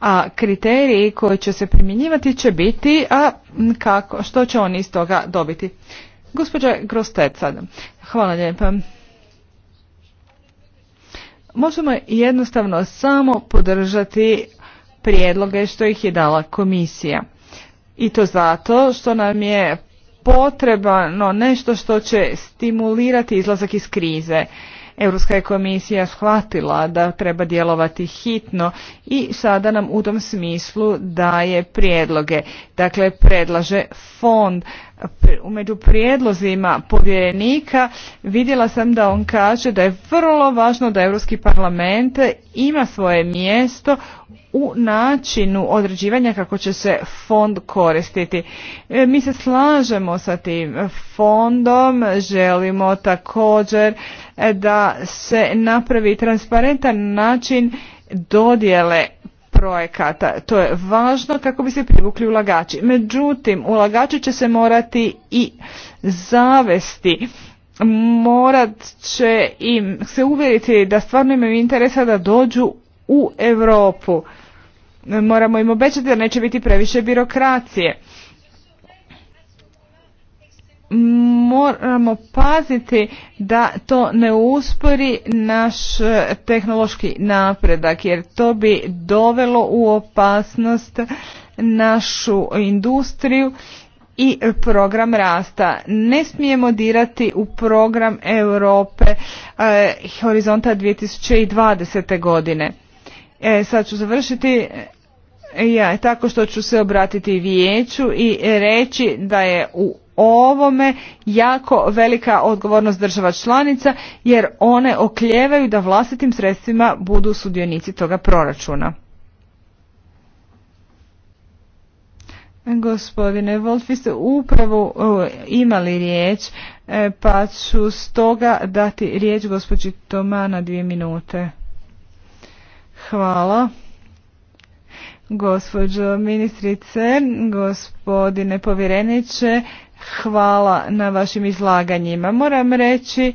A kriteriji koji će se primjenjivati će biti, a kako, što će oni iz toga dobiti? Gospođa Grostec Hvala lijepa. Možemo jednostavno samo podržati prijedloge što ih je dala komisija. I to zato što nam je potrebno nešto što će stimulirati izlazak iz krize. Europska je komisija shvatila da treba djelovati hitno i sada nam u tom smislu daje prijedloge dakle predlaže fond. Među prijedlozima povjerenika vidjela sam da on kaže da je vrlo važno da Europski parlament ima svoje mjesto u načinu određivanja kako će se fond koristiti. E, mi se slažemo sa tim fondom, želimo također e, da se napravi transparentan način dodjele projekata. To je važno kako bi se privukli ulagači. Međutim, ulagači će se morati i zavesti morat će im se uvjeriti da stvarno imaju interesa da dođu u Europu. Moramo im obećati da neće biti previše birokracije moramo paziti da to ne uspori naš e, tehnološki napredak jer to bi dovelo u opasnost našu industriju i program rasta. Ne smijemo dirati u program Europe eh, Horizonta 2020. godine. E, sad ću završiti e, ja, tako što ću se obratiti vijeću i reći da je u ovome jako velika odgovornost država članica jer one okljevaju da vlastitim sredstvima budu sudionici toga proračuna. Gospodine Wolf, vi ste upravo e, imali riječ, e, pa ću stoga dati riječ gospođi Toma na dvije minute. Hvala. Gospođo ministrice, gospodine povjereniče, hvala na vašim izlaganjima. Moram reći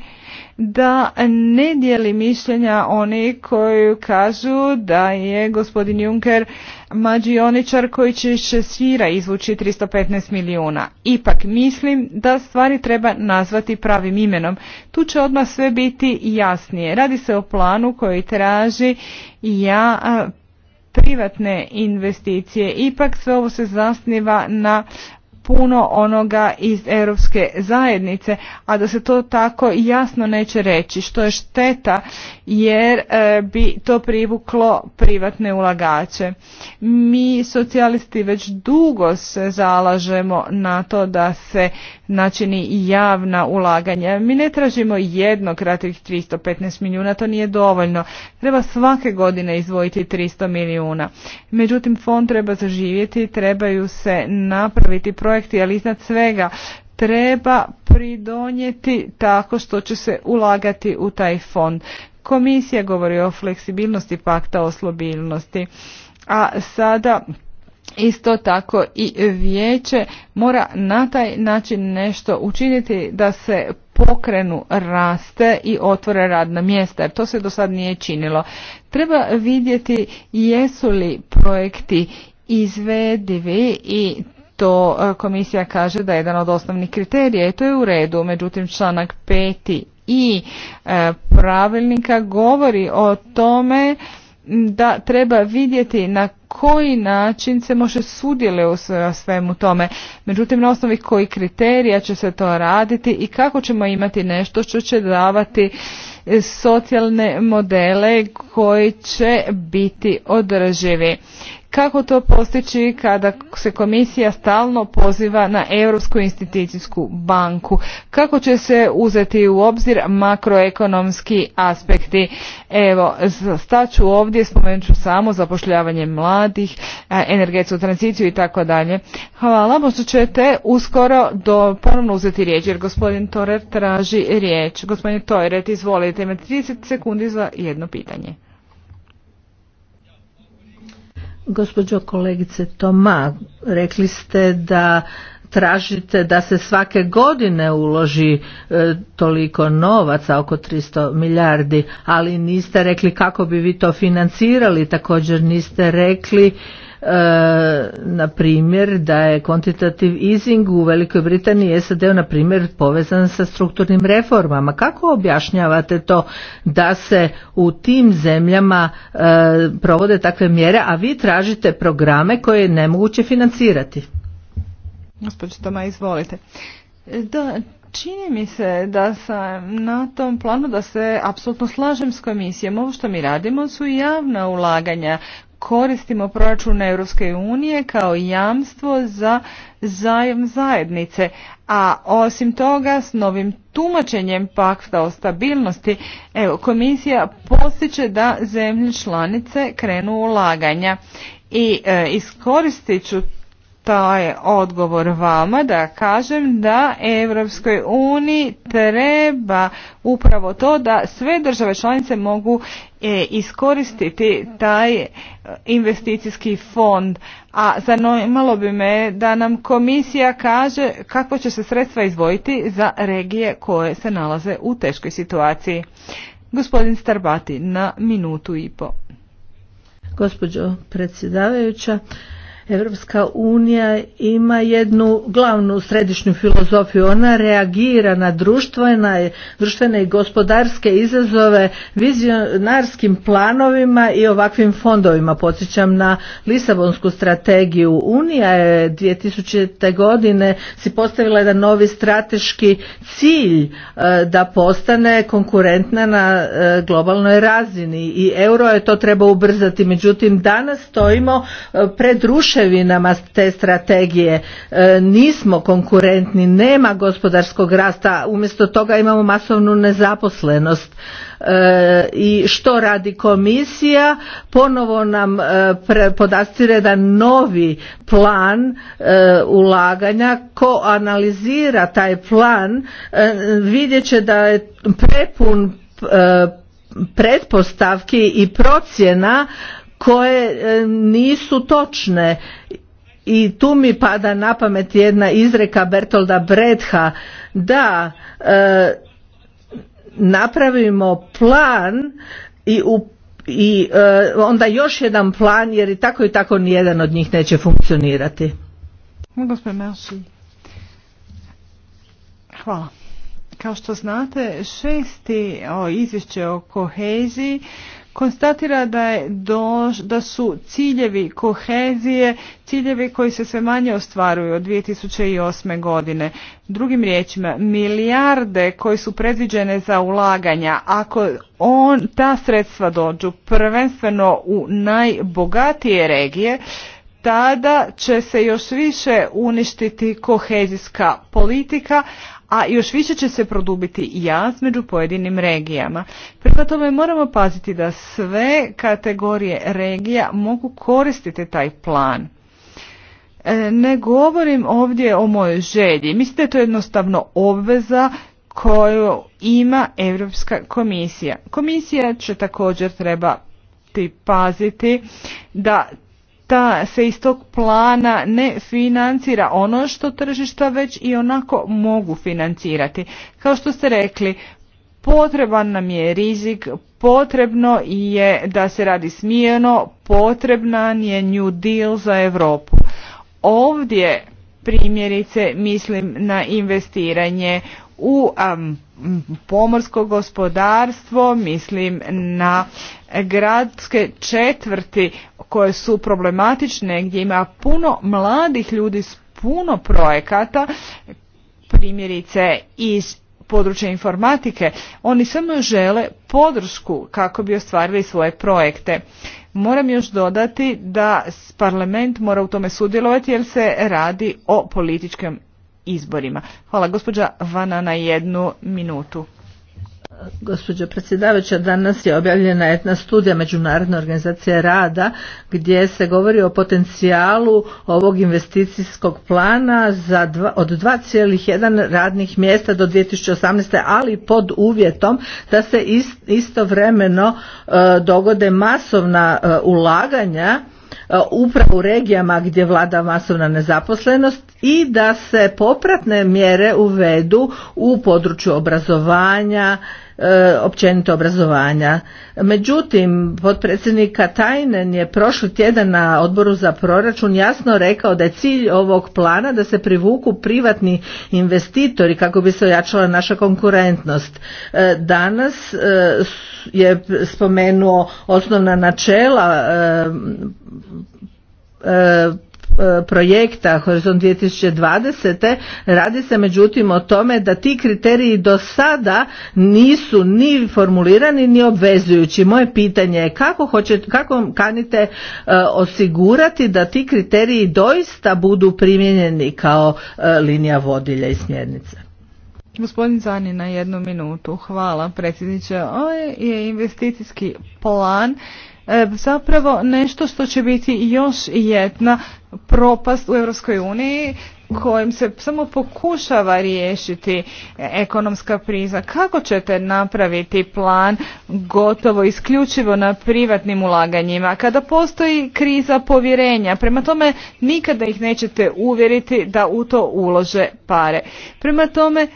da ne dijeli mišljenja oni koji kažu da je gospodin Juncker mađioničar koji će svira izvući 315 milijuna. Ipak mislim da stvari treba nazvati pravim imenom. Tu će odmah sve biti jasnije. Radi se o planu koji traži ja privatne investicije. Ipak sve ovo se zasniva na puno onoga iz europske zajednice, a da se to tako jasno neće reći, što je šteta jer e, bi to privuklo privatne ulagače. Mi socijalisti već dugo se zalažemo na to da se načini javna ulaganja. Mi ne tražimo jednokratnih 315 milijuna, to nije dovoljno. Treba svake godine izdvojiti 300 milijuna. Međutim, fond treba zaživjeti, trebaju se napraviti projekte projekti, ali iznad svega treba pridonijeti tako što će se ulagati u taj fond. Komisija govori o fleksibilnosti pakta o slobilnosti, a sada isto tako i vijeće mora na taj način nešto učiniti da se pokrenu raste i otvore radna mjesta, jer to se do sad nije činilo. Treba vidjeti jesu li projekti izvedivi i to e, komisija kaže da je jedan od osnovnih kriterija i to je u redu. Međutim, članak peti i e, pravilnika govori o tome da treba vidjeti na koji način se može sudjele u svemu tome. Međutim, na osnovi koji kriterija će se to raditi i kako ćemo imati nešto što će davati e, socijalne modele koji će biti održivi. Kako to postići kada se komisija stalno poziva na Europsku institucijsku banku? Kako će se uzeti u obzir makroekonomski aspekti? Evo, staću ovdje, spomenut ću samo zapošljavanje mladih, energetsku tranziciju i tako dalje. Hvala, možda ćete uskoro do, ponovno uzeti riječ, jer gospodin Torer traži riječ. Gospodin Toiret, izvolite, imate 30 sekundi za jedno pitanje. Gospođo kolegice Toma, rekli ste da tražite da se svake godine uloži e, toliko novaca, oko 300 milijardi, ali niste rekli kako bi vi to financirali, također niste rekli E, na primjer da je quantitative easing u Velikoj Britaniji SAD na primjer povezan sa strukturnim reformama. Kako objašnjavate to da se u tim zemljama e, provode takve mjere, a vi tražite programe koje je nemoguće financirati? Gospodin Toma, izvolite. Da, čini mi se da sam na tom planu da se apsolutno slažem s komisijom. Ovo što mi radimo su javna ulaganja koristimo proračun Europske unije kao jamstvo za zajem zajednice. A osim toga s novim tumačenjem pakta o stabilnosti evo, komisija postiče da zemlje članice krenu ulaganja. I e, iskoristit ću je odgovor vama da kažem da Europskoj uniji treba upravo to da sve države članice mogu e, iskoristiti taj e, investicijski fond. A zanimalo bi me da nam komisija kaže kako će se sredstva izdvojiti za regije koje se nalaze u teškoj situaciji. Gospodin Starbati na minutu i po. predsjedavajuća, Europska unija ima jednu glavnu središnju filozofiju. Ona reagira na društvene, društvene i gospodarske izazove vizionarskim planovima i ovakvim fondovima. Podsjećam na Lisabonsku strategiju. Unija je 2000. godine si postavila jedan novi strateški cilj e, da postane konkurentna na e, globalnoj razini i euro je to treba ubrzati. Međutim, danas stojimo e, pred ruševinama te strategije. E, nismo konkurentni, nema gospodarskog rasta, umjesto toga imamo masovnu nezaposlenost. E, I što radi komisija? Ponovo nam e, podastire da novi plan ulaganja. Ko analizira taj plan vidjet će da je prepun pretpostavki i procjena koje e, nisu točne i tu mi pada na pamet jedna izreka Bertolda Bretha da e, napravimo plan i, i e, onda još jedan plan jer i tako i tako nijedan od njih neće funkcionirati. Hvala. Kao što znate, šesti izvješće o koheziji konstatira da, je da su ciljevi kohezije ciljevi koji se sve manje ostvaruju od 2008. godine. Drugim riječima, milijarde koje su predviđene za ulaganja, ako on, ta sredstva dođu prvenstveno u najbogatije regije, tada će se još više uništiti kohezijska politika, a još više će se produbiti jaz među pojedinim regijama. Prema tome moramo paziti da sve kategorije regija mogu koristiti taj plan. E, ne govorim ovdje o mojoj želji. Mislim da je to jednostavno obveza koju ima Europska komisija. Komisija će također trebati paziti da da se iz tog plana ne financira ono što tržišta već i onako mogu financirati. Kao što ste rekli, potreban nam je rizik, potrebno je da se radi smijeno, potreban je New Deal za Europu. Ovdje primjerice mislim na investiranje u pomorsko gospodarstvo, mislim na gradske četvrti koje su problematične gdje ima puno mladih ljudi s puno projekata, primjerice iz područja informatike, oni samo žele podršku kako bi ostvarili svoje projekte. Moram još dodati da parlament mora u tome sudjelovati jer se radi o političkom izborima. Hvala gospođa Vana na jednu minutu. Gospođo predsjedavajuća, danas je objavljena jedna studija Međunarodne organizacije rada gdje se govori o potencijalu ovog investicijskog plana za dva, od 2,1 radnih mjesta do 2018. ali pod uvjetom da se istovremeno e, dogode masovna e, ulaganja E, upravo u regijama gdje vlada masovna nezaposlenost i da se popratne mjere uvedu u području obrazovanja E, općenito obrazovanja. Međutim, potpredsjednik Tajnen je prošli tjedan na odboru za proračun jasno rekao da je cilj ovog plana da se privuku privatni investitori kako bi se ojačala naša konkurentnost. E, danas e, je spomenuo osnovna načela E, projekta Horizon 2020. radi se međutim o tome da ti kriteriji do sada nisu ni formulirani ni obvezujući. Moje pitanje je kako, hoćete, kako kanite e, osigurati da ti kriteriji doista budu primijenjeni kao e, linija vodilja i smjernice? Gospodin Zani na jednu minutu. Hvala predsjedniče. Ovo je investicijski plan E, zapravo nešto što će biti još jedna propast u Europskoj uniji kojim se samo pokušava riješiti ekonomska priza. Kako ćete napraviti plan gotovo isključivo na privatnim ulaganjima kada postoji kriza povjerenja? Prema tome nikada ih nećete uvjeriti da u to ulože pare. Prema tome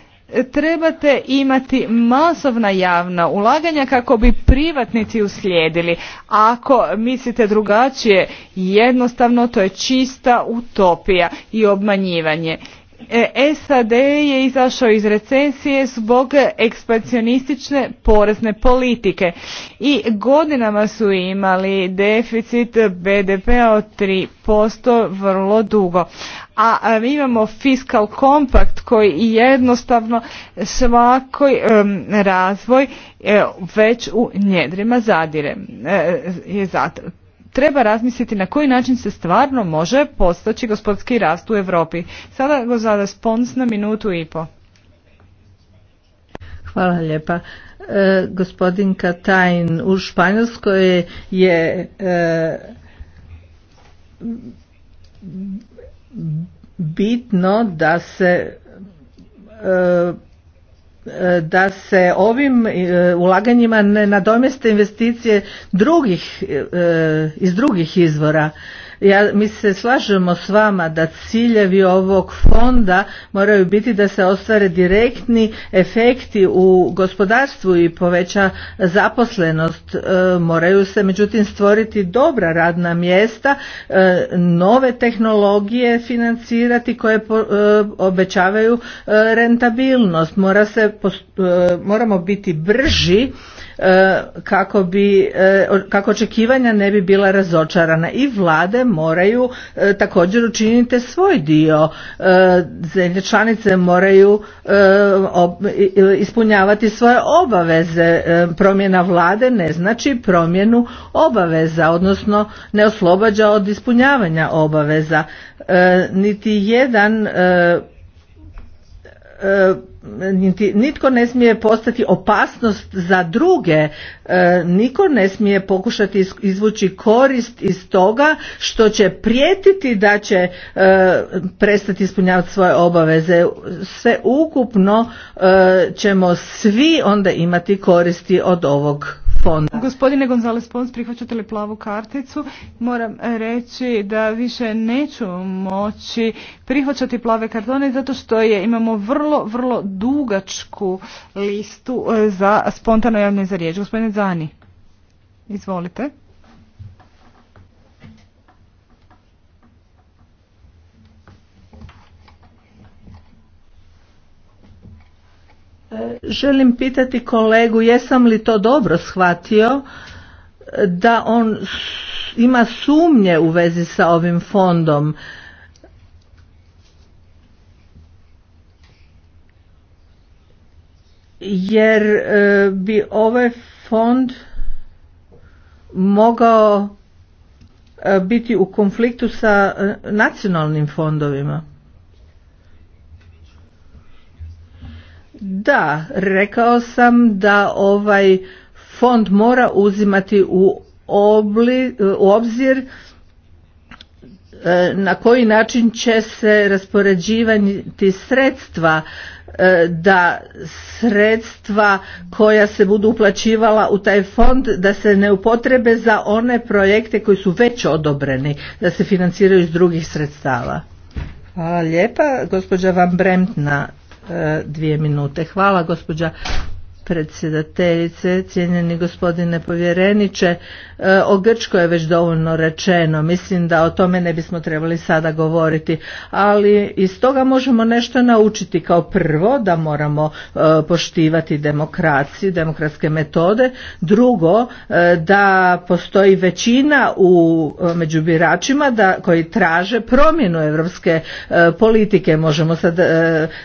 trebate imati masovna javna ulaganja kako bi privatnici uslijedili. Ako mislite drugačije, jednostavno to je čista utopija i obmanjivanje. E, SAD je izašao iz recesije zbog ekspansionistične porezne politike i godinama su imali deficit BDP-a od 3% vrlo dugo a mi imamo fiskal kompakt koji jednostavno svakoj razvoj e, već u njedrima zadire. E, je Treba razmisliti na koji način se stvarno može postaći gospodski rast u Europi. Sada go zada na minutu i po. Hvala lijepa. E, gospodin Katajn u Španjolskoj je bitno da se e, e, da se ovim e, ulaganjima ne nadomjeste investicije drugih, iz drugih izvora ja, mi se slažemo s vama da ciljevi ovog fonda moraju biti da se ostvare direktni efekti u gospodarstvu i poveća zaposlenost. E, moraju se međutim stvoriti dobra radna mjesta, e, nove tehnologije financirati koje po, e, obećavaju rentabilnost. Mora se, moramo biti brži E, kako bi e, kako očekivanja ne bi bila razočarana i vlade moraju e, također učiniti svoj dio zemlje članice moraju ispunjavati svoje obaveze promjena vlade ne znači promjenu obaveza odnosno ne oslobađa od ispunjavanja obaveza niti jedan nitko ne smije postati opasnost za druge e, niko ne smije pokušati izvući korist iz toga što će prijetiti da će e, prestati ispunjavati svoje obaveze sve ukupno e, ćemo svi onda imati koristi od ovog Pons. Gospodine Gonzales Pons, prihvaćate li plavu karticu? Moram reći da više neću moći prihvaćati plave kartone zato što je imamo vrlo, vrlo dugačku listu e, za spontano javne za riječ. Gospodine Zani, izvolite. Želim pitati kolegu jesam li to dobro shvatio da on ima sumnje u vezi sa ovim fondom. Jer e, bi ovaj fond mogao e, biti u konfliktu sa e, nacionalnim fondovima. Da, rekao sam da ovaj fond mora uzimati u, obzir e, na koji način će se raspoređivati sredstva e, da sredstva koja se budu uplaćivala u taj fond da se ne upotrebe za one projekte koji su već odobreni da se financiraju iz drugih sredstava. Hvala lijepa. Gospođa Van Bremt dvije minute. Hvala gospođa predsjedateljice, cijenjeni gospodine povjereniče, e, o Grčkoj je već dovoljno rečeno, mislim da o tome ne bismo trebali sada govoriti, ali iz toga možemo nešto naučiti kao prvo da moramo e, poštivati demokraciju, demokratske metode, drugo e, da postoji većina u među biračima da, koji traže promjenu europske politike, možemo sad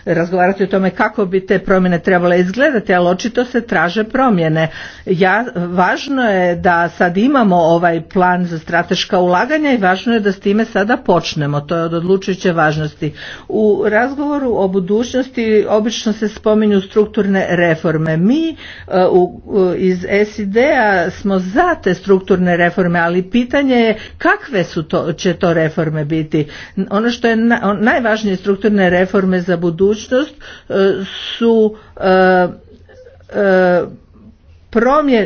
razgovarati o tome kako bi te promjene trebale izgledati, ali očito to se traže promjene. Ja, važno je da sad imamo ovaj plan za strateška ulaganja i važno je da s time sada počnemo. To je od odlučujuće važnosti. U razgovoru o budućnosti obično se spominju strukturne reforme. Mi e, iz SID-a smo za te strukturne reforme, ali pitanje je kakve su to, će to reforme biti. Ono što je najvažnije strukturne reforme za budućnost e, su e, E,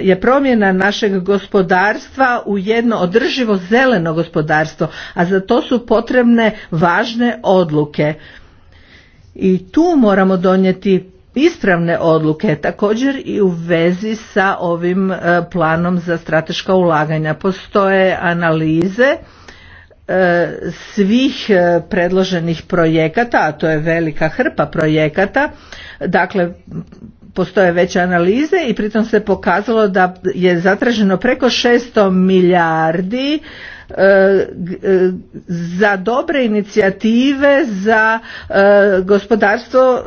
je promjena našeg gospodarstva u jedno održivo zeleno gospodarstvo, a za to su potrebne važne odluke. I tu moramo donijeti ispravne odluke također i u vezi sa ovim e, planom za strateška ulaganja. Postoje analize e, svih predloženih projekata, a to je velika hrpa projekata, dakle postoje veće analize i pritom se pokazalo da je zatraženo preko 600 milijardi e, e, za dobre inicijative za e, gospodarstvo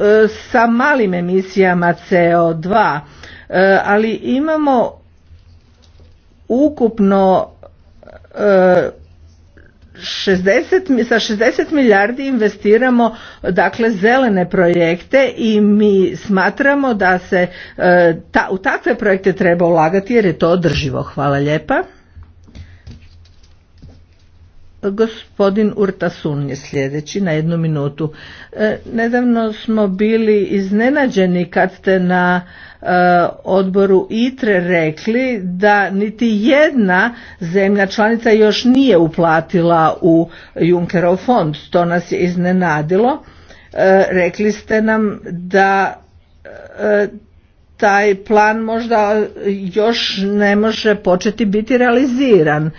sa malim emisijama CO2 ali imamo ukupno 60, sa 60 milijardi investiramo dakle zelene projekte i mi smatramo da se e, ta, u takve projekte treba ulagati jer je to održivo. Hvala lijepa. Gospodin Urtasun je sljedeći na jednu minutu. E, nedavno smo bili iznenađeni kad ste na e, odboru ITRE rekli da niti jedna zemlja članica još nije uplatila u Junckerov fond. To nas je iznenadilo. E, rekli ste nam da taj plan možda još ne može početi biti realiziran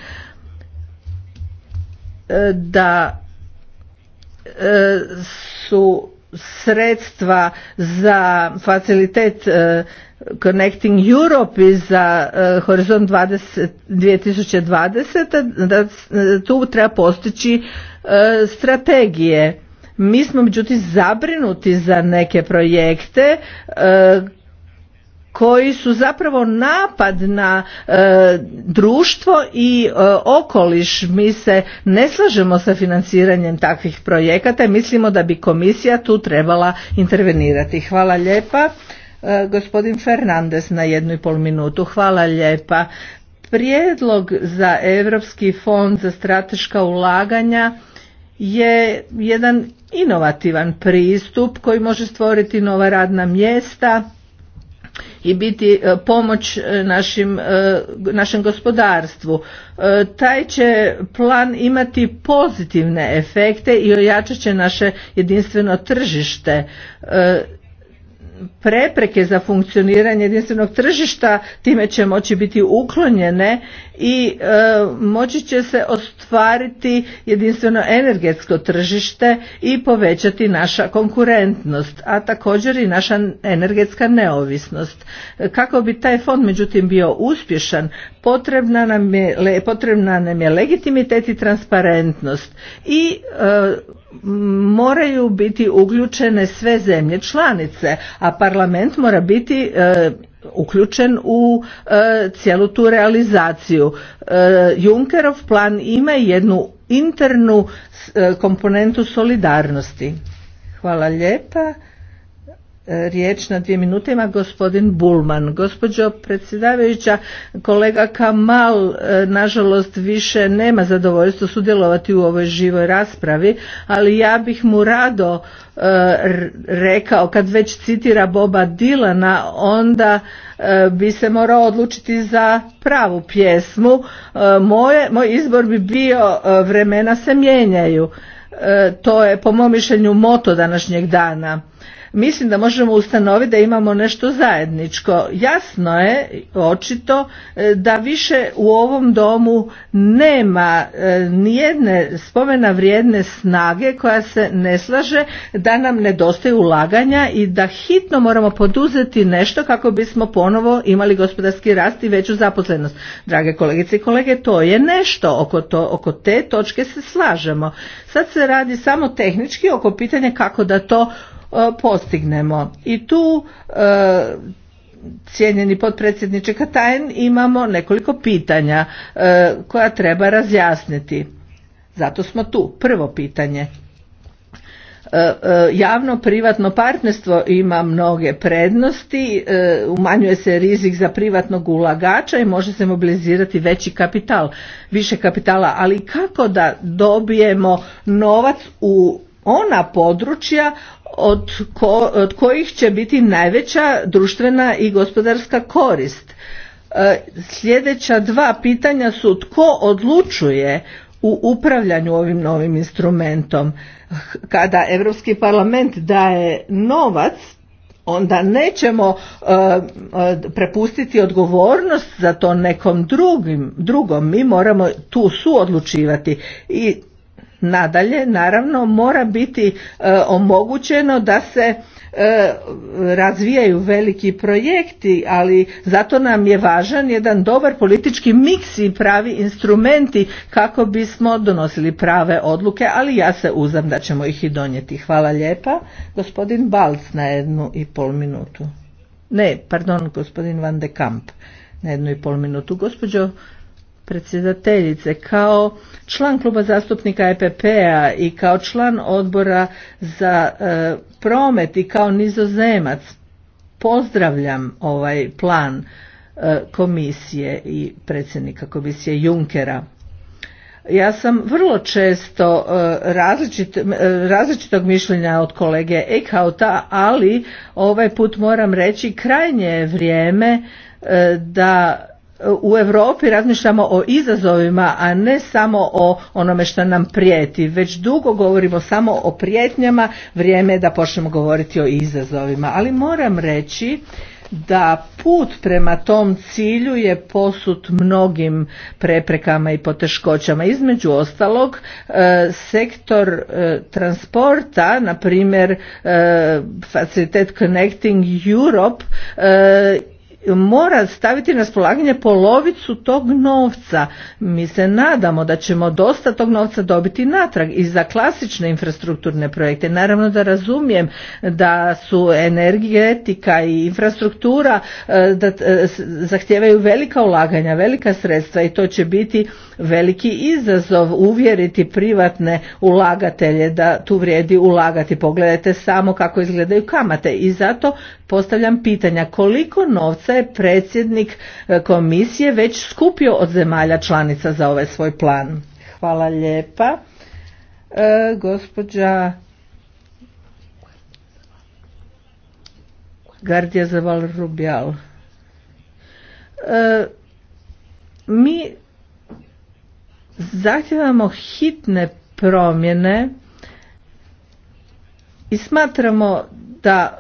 da e, su sredstva za facilitet e, Connecting Europe i za e, Horizont 2020 da tu treba postići strategije mi smo međutim zabrinuti za neke projekte koji su zapravo napad na e, društvo i e, okoliš mi se ne slažemo sa financiranjem takvih projekata i mislimo da bi komisija tu trebala intervenirati hvala lijepa e, gospodin Fernandez na jednu i pol minutu hvala lijepa prijedlog za europski fond za strateška ulaganja je jedan inovativan pristup koji može stvoriti nova radna mjesta i biti e, pomoć e, našim, e, našem gospodarstvu. Taj će plan imati pozitivne efekte i ojačat će naše jedinstveno tržište prepreke za funkcioniranje jedinstvenog tržišta time će moći biti uklonjene i e, moći će se ostvariti jedinstveno energetsko tržište i povećati naša konkurentnost a također i naša energetska neovisnost e, kako bi taj fond međutim bio uspješan potrebna nam je, potrebna nam je legitimitet i transparentnost i e, moraju biti uključene sve zemlje članice, a parlament mora biti e, uključen u e, cijelu tu realizaciju. Junkerov plan ima jednu internu komponentu solidarnosti. Hvala lijepa. E, riječ na dvije minute ima gospodin Bulman. Gospođo predsjedavajuća, kolega Kamal e, nažalost više nema zadovoljstvo sudjelovati u ovoj živoj raspravi, ali ja bih mu rado e, rekao kad već citira Boba Dilana, onda bi se morao odlučiti za pravu pjesmu. moj izbor bi bio vremena se mijenjaju. To je po mom mišljenju moto današnjeg dana mislim da možemo ustanoviti da imamo nešto zajedničko. Jasno je, očito, e, da više u ovom domu nema e, nijedne spomena vrijedne snage koja se ne slaže da nam nedostaje ulaganja i da hitno moramo poduzeti nešto kako bismo ponovo imali gospodarski rast i veću zaposlenost. Drage kolegice i kolege, to je nešto oko, to, oko te točke se slažemo. Sad se radi samo tehnički oko pitanja kako da to E, postignemo. I tu e, cijenjeni potpredsjedniče Katajn imamo nekoliko pitanja e, koja treba razjasniti. Zato smo tu. Prvo pitanje. Javno privatno partnerstvo ima mnoge prednosti, umanjuje se rizik za privatnog ulagača i može se mobilizirati veći kapital, više kapitala, ali kako da dobijemo novac u ona područja od, kojih će biti najveća društvena i gospodarska korist. E, sljedeća dva pitanja su tko odlučuje u upravljanju ovim novim instrumentom. Kada Europski parlament daje novac, onda nećemo e, e, prepustiti odgovornost za to nekom drugim, drugom. Mi moramo tu suodlučivati i Nadalje, naravno, mora biti e, omogućeno da se e, razvijaju veliki projekti, ali zato nam je važan jedan dobar politički miks i pravi instrumenti kako bismo donosili prave odluke, ali ja se uzam da ćemo ih i donijeti. Hvala lijepa. Gospodin Balc na jednu i pol minutu. Ne, pardon, gospodin Van de Kamp na jednu i pol minutu. Gospođo predsjedateljice. Kao član kluba zastupnika EPP-a i kao član odbora za e, promet i kao nizozemac pozdravljam ovaj plan e, komisije i predsjednika komisije Junkera. Ja sam vrlo često e, različit, različitog mišljenja od kolege Eichhauta, ali ovaj put moram reći krajnje je vrijeme da u Europi razmišljamo o izazovima, a ne samo o onome što nam prijeti. Već dugo govorimo samo o prijetnjama, vrijeme je da počnemo govoriti o izazovima. Ali moram reći da put prema tom cilju je posut mnogim preprekama i poteškoćama. Između ostalog, e, sektor e, transporta, na primjer e, Facilitet Connecting Europe, mora staviti na spolaganje polovicu tog novca. Mi se nadamo da ćemo dosta tog novca dobiti natrag i za klasične infrastrukturne projekte. Naravno da razumijem da su energetika i infrastruktura e, da e, zahtijevaju velika ulaganja, velika sredstva i to će biti veliki izazov uvjeriti privatne ulagatelje da tu vrijedi ulagati. Pogledajte samo kako izgledaju kamate i zato postavljam pitanja koliko novca je predsjednik e, komisije već skupio od zemalja članica za ovaj svoj plan. Hvala lijepa. E, Gardija Zaval Rubjal. E, mi zahtjevamo hitne promjene i smatramo da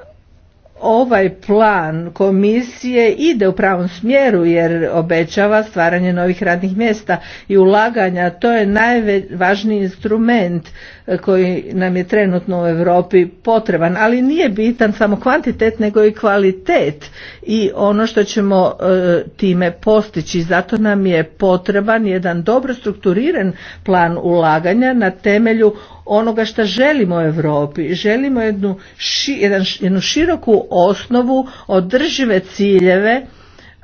ovaj plan komisije ide u pravom smjeru jer obećava stvaranje novih radnih mjesta i ulaganja to je najvažniji instrument koji nam je trenutno u Europi potreban, ali nije bitan samo kvantitet nego i kvalitet i ono što ćemo e, time postići. Zato nam je potreban jedan dobro strukturiran plan ulaganja na temelju onoga što želimo u Europi. Želimo jednu, jedan, jednu široku osnovu održive ciljeve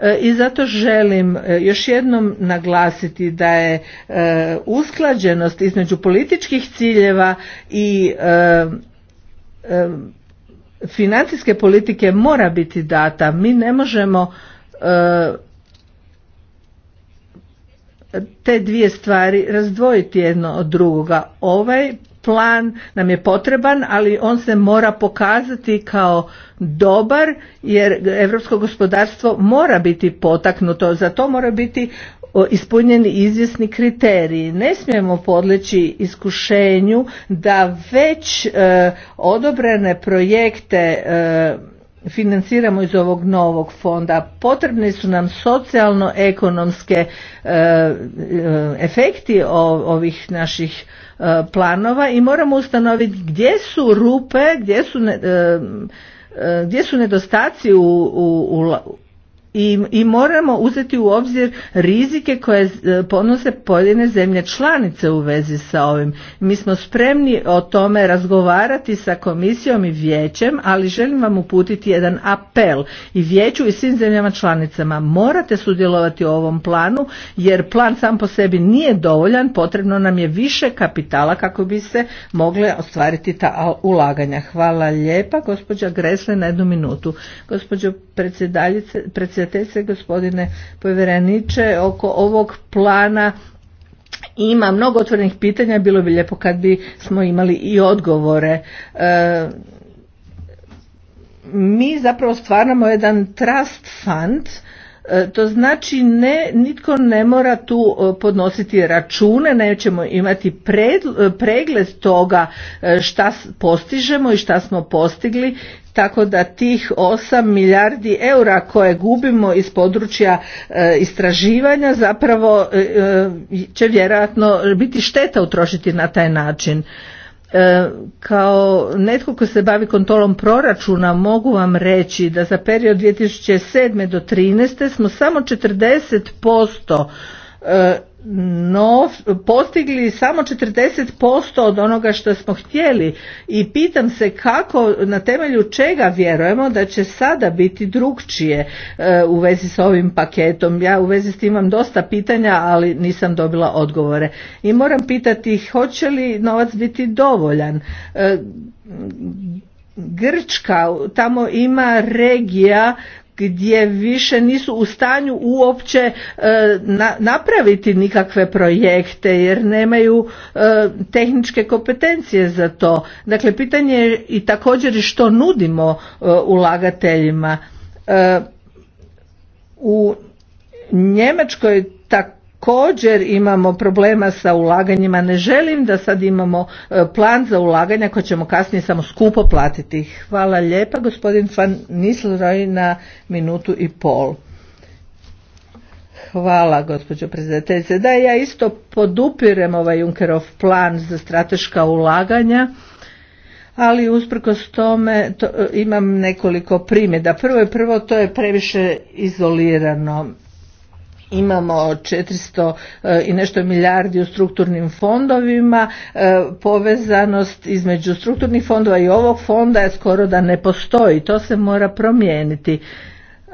E, i zato želim e, još jednom naglasiti da je e, usklađenost između političkih ciljeva i financijske politike mora biti data. Mi ne možemo te dvije stvari razdvojiti jedno od drugoga. Ovaj plan nam je potreban, ali on se mora pokazati kao dobar jer europsko gospodarstvo mora biti potaknuto, za to mora biti ispunjeni izvjesni kriteriji. Ne smijemo podleći iskušenju da već e, odobrene projekte e, financiramo iz ovog novog fonda. Potrebni su nam socijalno-ekonomske e, efekti ovih naših E, planova i moramo ustanoviti gdje su rupe, gdje su, e, e, gdje su nedostaci u, u, i, i moramo uzeti u obzir rizike koje e, ponose pojedine zemlje članice u vezi sa ovim. Mi smo spremni o tome razgovarati sa komisijom i vijećem, ali želim vam uputiti jedan apel i vijeću i svim zemljama članicama. Morate sudjelovati u ovom planu jer plan sam po sebi nije dovoljan, potrebno nam je više kapitala kako bi se mogle ostvariti ta ulaganja. Hvala lijepa, gospođa Gresle na jednu minutu. Gospođo predsjedaljice, se, gospodine povjereniče oko ovog plana ima mnogo otvorenih pitanja bilo bi lijepo kad bi smo imali i odgovore e, mi zapravo stvaramo jedan trust fund E, to znači ne, nitko ne mora tu e, podnositi račune, nećemo imati e, pregled toga šta postižemo i šta smo postigli, tako da tih 8 milijardi eura koje gubimo iz područja istraživanja zapravo će vjerojatno biti šteta utrošiti na taj način. E, kao netko ko se bavi kontrolom proračuna mogu vam reći da za period 2007. do 2013. smo samo 40% no, postigli samo 40% od onoga što smo htjeli i pitam se kako, na temelju čega vjerujemo da će sada biti drugčije e, u vezi s ovim paketom. Ja u vezi s tim imam dosta pitanja, ali nisam dobila odgovore. I moram pitati hoće li novac biti dovoljan. E, Grčka, tamo ima regija gdje više nisu u stanju uopće e, napraviti nikakve projekte jer nemaju e, tehničke kompetencije za to. Dakle, pitanje je i također što nudimo e, ulagateljima. U Njemačkoj također također imamo problema sa ulaganjima. Ne želim da sad imamo e, plan za ulaganja koje ćemo kasnije samo skupo platiti. Hvala lijepa gospodin Van na minutu i pol. Hvala gospođo prezidenteljice. Da, ja isto podupirem ovaj Junkerov plan za strateška ulaganja, ali usprkos tome e, imam nekoliko primjeda. Prvo je prvo, to je previše izolirano imamo 400 e, i nešto milijardi u strukturnim fondovima, e, povezanost između strukturnih fondova i ovog fonda je skoro da ne postoji, to se mora promijeniti.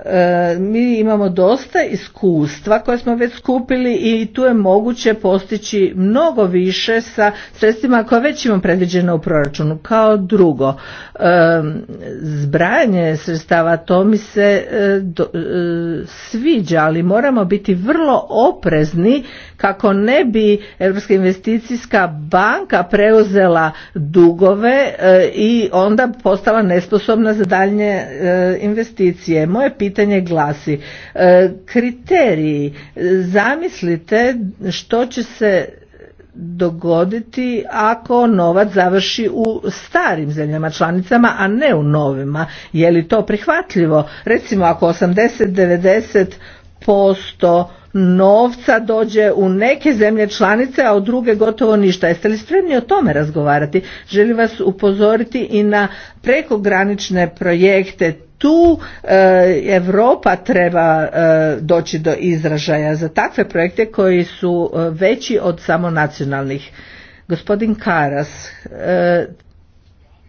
E, mi imamo dosta iskustva koje smo već skupili i tu je moguće postići mnogo više sa sredstvima koja već imamo predviđena u proračunu. Kao drugo, e, zbrajanje sredstava to mi se e, sviđa, ali moramo biti vrlo oprezni kako ne bi Europska investicijska banka preuzela dugove i onda postala nesposobna za daljnje investicije. Moje pitanje pitanje glasi. E, kriteriji, zamislite što će se dogoditi ako novac završi u starim zemljama članicama, a ne u novima. Je li to prihvatljivo? Recimo ako 80-90 posto novca dođe u neke zemlje članice, a u druge gotovo ništa. Jeste li spremni o tome razgovarati? Želim vas upozoriti i na prekogranične projekte tu e, Europa treba e, doći do izražaja za takve projekte koji su e, veći od samo nacionalnih. Gospodin Karas,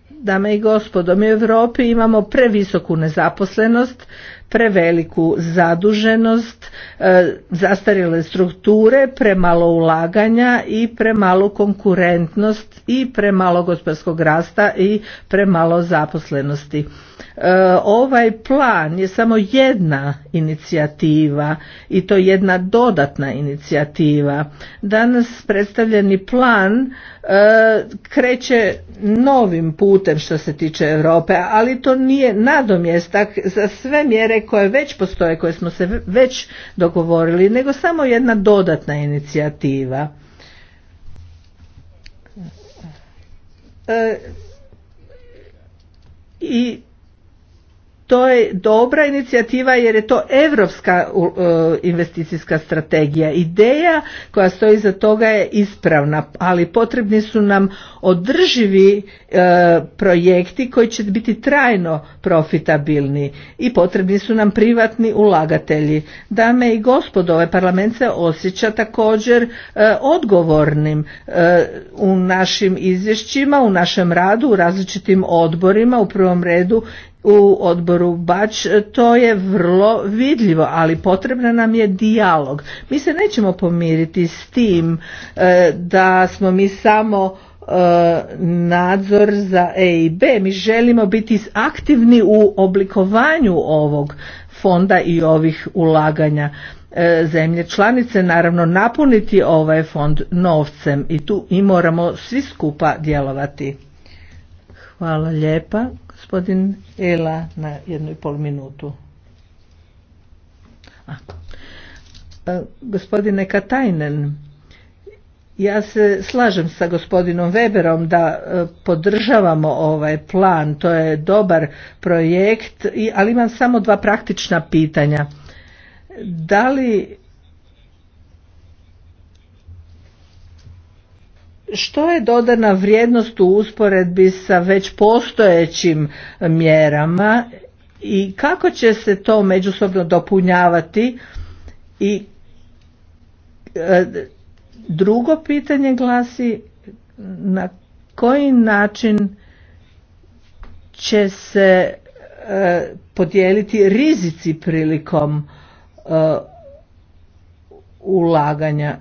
dame i gospodo, mi u Europi imamo previsoku nezaposlenost, preveliku zaduženost, zastarjele strukture, premalo ulaganja i premalu konkurentnost i premalo gospodarskog rasta i premalo zaposlenosti. E, ovaj plan je samo jedna inicijativa i to jedna dodatna inicijativa. Danas predstavljeni plan e, kreće novim putem što se tiče Europe, ali to nije nadomjestak za sve mjere koje već postoje, koje smo se već dogovorili, nego samo jedna dodatna inicijativa. E, I to je dobra inicijativa jer je to europska e, investicijska strategija. Ideja koja stoji za toga je ispravna, ali potrebni su nam održivi e, projekti koji će biti trajno profitabilni i potrebni su nam privatni ulagatelji. Dame i gospodo, ovaj parlament se osjeća također e, odgovornim u našim izvješćima, u našem radu, u različitim odborima, u prvom redu u odboru Bač, to je vrlo vidljivo, ali potrebna nam je dijalog. Mi se nećemo pomiriti s tim e, da smo mi samo e, nadzor za E i B. Mi želimo biti aktivni u oblikovanju ovog fonda i ovih ulaganja e, zemlje članice, naravno napuniti ovaj fond novcem i tu i moramo svi skupa djelovati. Hvala lijepa. Gospodin Ela na jednu i pol minutu. E, gospodine Katajnen, ja se slažem sa gospodinom Weberom da e, podržavamo ovaj plan, to je dobar projekt, ali imam samo dva praktična pitanja. Da li što je dodana vrijednost u usporedbi sa već postojećim mjerama i kako će se to međusobno dopunjavati i e, drugo pitanje glasi na koji način će se e, podijeliti rizici prilikom e, ulaganja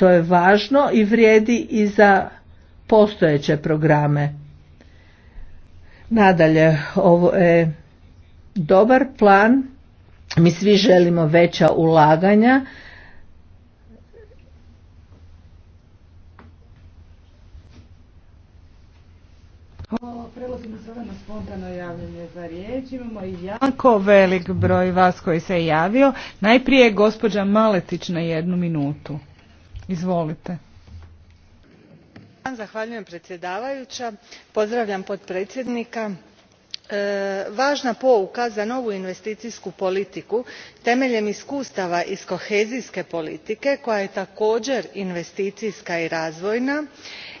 to je važno i vrijedi i za postojeće programe. Nadalje, ovo je dobar plan. Mi svi želimo veća ulaganja. Prelazimo sada na spontano javljanje za riječ. Imamo jako velik broj vas koji se javio. Najprije gospođa Maletić na jednu minutu. Izvolite. Zahvaljujem predsjedavajuća. Pozdravljam potpredsjednika e, važna pouka za novu investicijsku politiku temeljem iskustava iz kohezijske politike koja je također investicijska i razvojna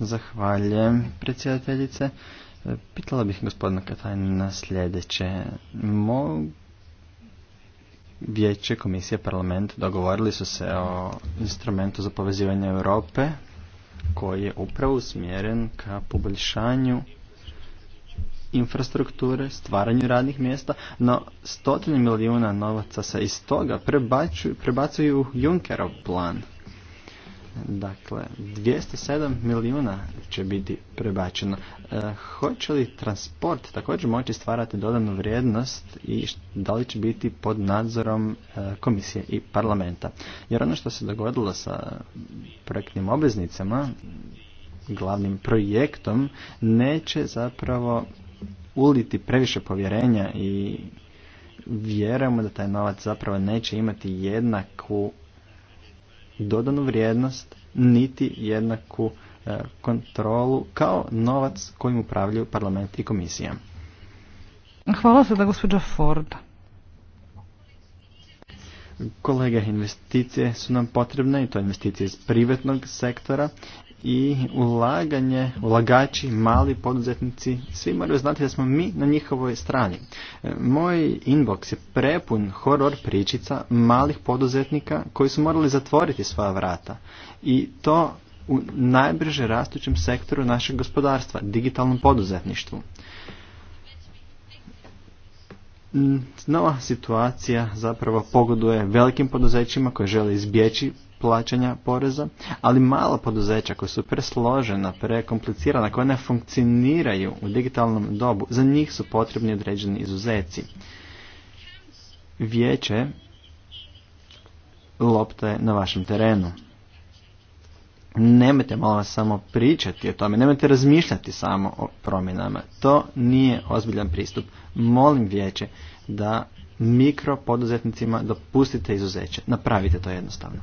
Zahvaljujem, predsjedateljice. Pitala bih gospodina Katajna na sljedeće. mo Vijeće, Komisije, Parlament dogovorili su se o instrumentu za povezivanje Europe koji je upravo usmjeren ka poboljšanju infrastrukture, stvaranju radnih mjesta, no stotine milijuna novaca se iz toga prebacuju u Junckerov plan. Dakle, 207 milijuna će biti prebačeno. E, hoće li transport također moći stvarati dodanu vrijednost i da li će biti pod nadzorom e, komisije i parlamenta? Jer ono što se dogodilo sa projektnim obveznicama, glavnim projektom, neće zapravo uliti previše povjerenja i vjerujemo da taj novac zapravo neće imati jednaku dodanu vrijednost niti jednaku e, kontrolu kao novac kojim upravljaju parlament i komisija. Hvala sada gospođa Ford. Kolege, investicije su nam potrebne i to investicije iz privatnog sektora i ulaganje, ulagači, mali poduzetnici, svi moraju znati da smo mi na njihovoj strani. E, moj inbox je prepun horor pričica malih poduzetnika koji su morali zatvoriti svoja vrata i to u najbrže rastućem sektoru našeg gospodarstva, digitalnom poduzetništvu. Nova situacija zapravo pogoduje velikim poduzećima koji žele izbjeći plaćanja poreza, ali mala poduzeća koja su presložena, prekomplicirana, koja ne funkcioniraju u digitalnom dobu, za njih su potrebni određeni izuzeci. Vijeće lopta je na vašem terenu. Nemojte malo samo pričati o tome, nemojte razmišljati samo o promjenama. To nije ozbiljan pristup. Molim vijeće da mikropoduzetnicima dopustite izuzeće. Napravite to jednostavno.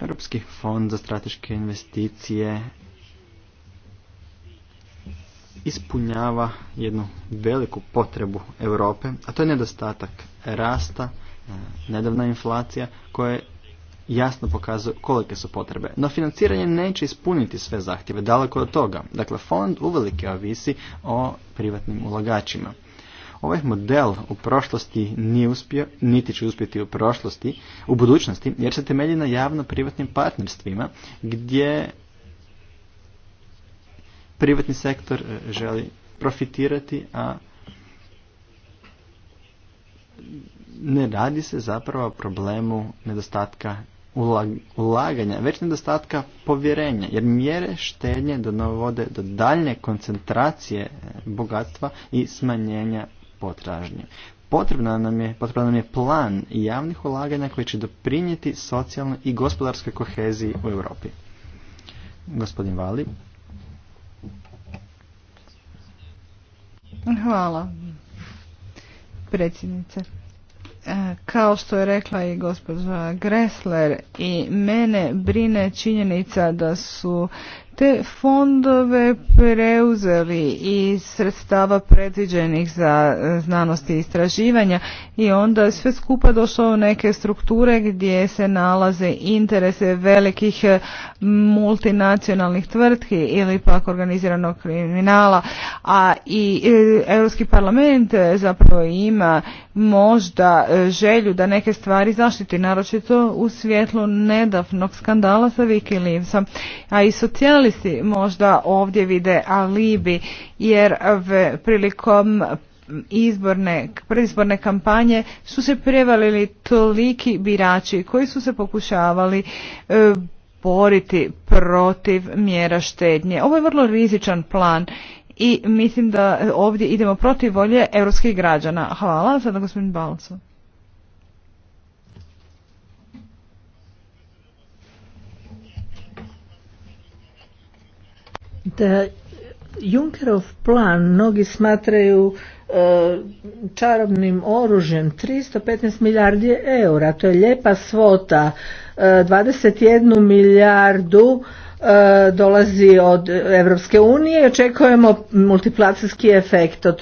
Europski fond za strateške investicije ispunjava jednu veliku potrebu Europe, a to je nedostatak rasta, e, nedavna inflacija koja jasno pokazuje kolike su potrebe. No financiranje neće ispuniti sve zahtjeve, daleko od toga. Dakle, fond uvelike ovisi o privatnim ulagačima. Ovaj model u prošlosti nije uspio, niti će uspjeti u prošlosti, u budućnosti, jer se temelji na javno-privatnim partnerstvima gdje privatni sektor e, želi profitirati, a ne radi se zapravo o problemu nedostatka ulaganja, već nedostatka povjerenja, jer mjere štednje donovode do daljnje koncentracije e, bogatstva i smanjenja potražnje. Potrebna nam je, potrebna je plan javnih ulaganja koji će doprinijeti socijalnoj i gospodarskoj koheziji u Europi. Gospodin Vali. Hvala, predsjednice. E, kao što je rekla i gospođa Gressler, i mene brine činjenica da su te fondove preuzeli iz sredstava predviđenih za e, znanost i istraživanja i onda sve skupa došlo u neke strukture gdje se nalaze interese velikih e, multinacionalnih tvrtki ili pak organiziranog kriminala, a i e, Europski parlament zapravo ima možda želju da neke stvari zaštiti, naročito u svjetlu nedavnog skandala sa Wikileaksom, a i socijal si možda ovdje vide alibi jer prilikom izborne, predizborne kampanje su se prevalili toliki birači koji su se pokušavali e, boriti protiv mjera štednje. Ovo je vrlo rizičan plan i mislim da ovdje idemo protiv volje europskih građana. Hvala, sada gospodin balcu. da Junkerov plan mnogi smatraju e, čarobnim oružjem 315 milijardi eura, to je lijepa svota, 21 e, milijardu e, dolazi od Europske unije i očekujemo multiplacijski efekt od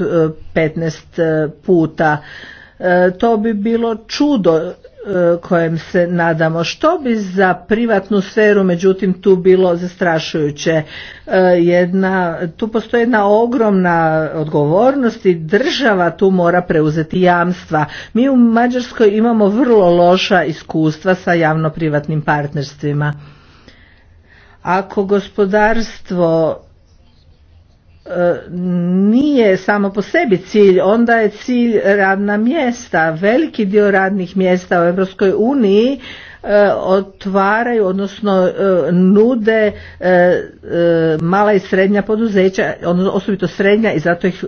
15 puta. To bi bilo čudo E, kojem se nadamo. Što bi za privatnu sferu, međutim, tu bilo zastrašujuće? E, jedna, tu postoji jedna ogromna odgovornost i država tu mora preuzeti jamstva. Mi u Mađarskoj imamo vrlo loša iskustva sa javno-privatnim partnerstvima. Ako gospodarstvo E, nije samo po sebi cilj, onda je cilj radna mjesta. Veliki dio radnih mjesta u Europskoj uniji e, otvaraju, odnosno e, nude mala i srednja poduzeća, osobito srednja i zato ih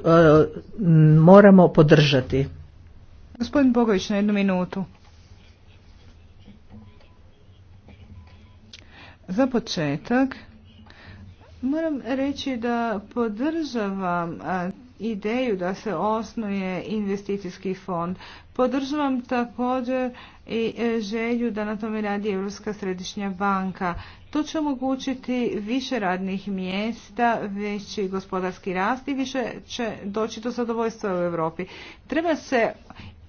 moramo podržati. Gospodin Bogović na jednu minutu. Za početak, Moram reći da podržavam ideju da se osnuje investicijski fond. Podržavam također i e, želju da na tome radi Europska središnja banka. To će omogućiti više radnih mjesta, veći gospodarski rast i više će doći do zadovoljstva u Europi. Treba se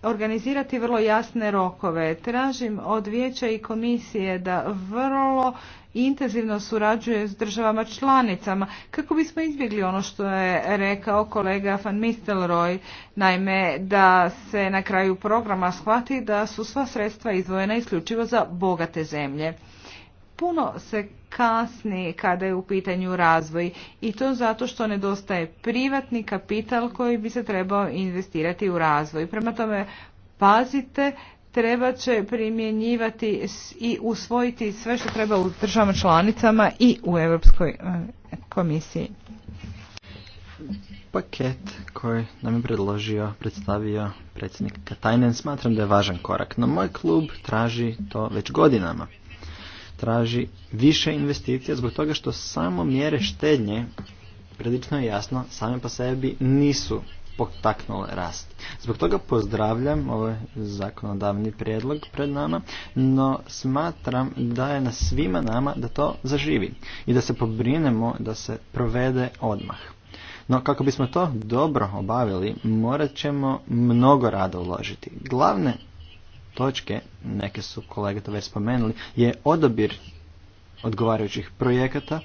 organizirati vrlo jasne rokove. Tražim od vijeća i komisije da vrlo intenzivno surađuje s državama članicama kako bismo izbjegli ono što je rekao kolega Van Mistelrooy, naime da se na kraju programa shvati da su sva sredstva izvojena isključivo za bogate zemlje puno se kasni kada je u pitanju razvoj i to zato što nedostaje privatni kapital koji bi se trebao investirati u razvoj. Prema tome, pazite, treba će primjenjivati i usvojiti sve što treba u državama članicama i u Europskoj e, komisiji. Paket koji nam je predložio, predstavio predsjednik Katajnen, smatram da je važan korak, no moj klub traži to već godinama traži više investicija zbog toga što samo mjere štednje, prilično je jasno, same po sebi nisu potaknule rast. Zbog toga pozdravljam ovaj zakonodavni prijedlog pred nama, no smatram da je na svima nama da to zaživi i da se pobrinemo da se provede odmah. No kako bismo to dobro obavili, morat ćemo mnogo rada uložiti. Glavne točke, neke su kolege to već spomenuli, je odabir odgovarajućih projekata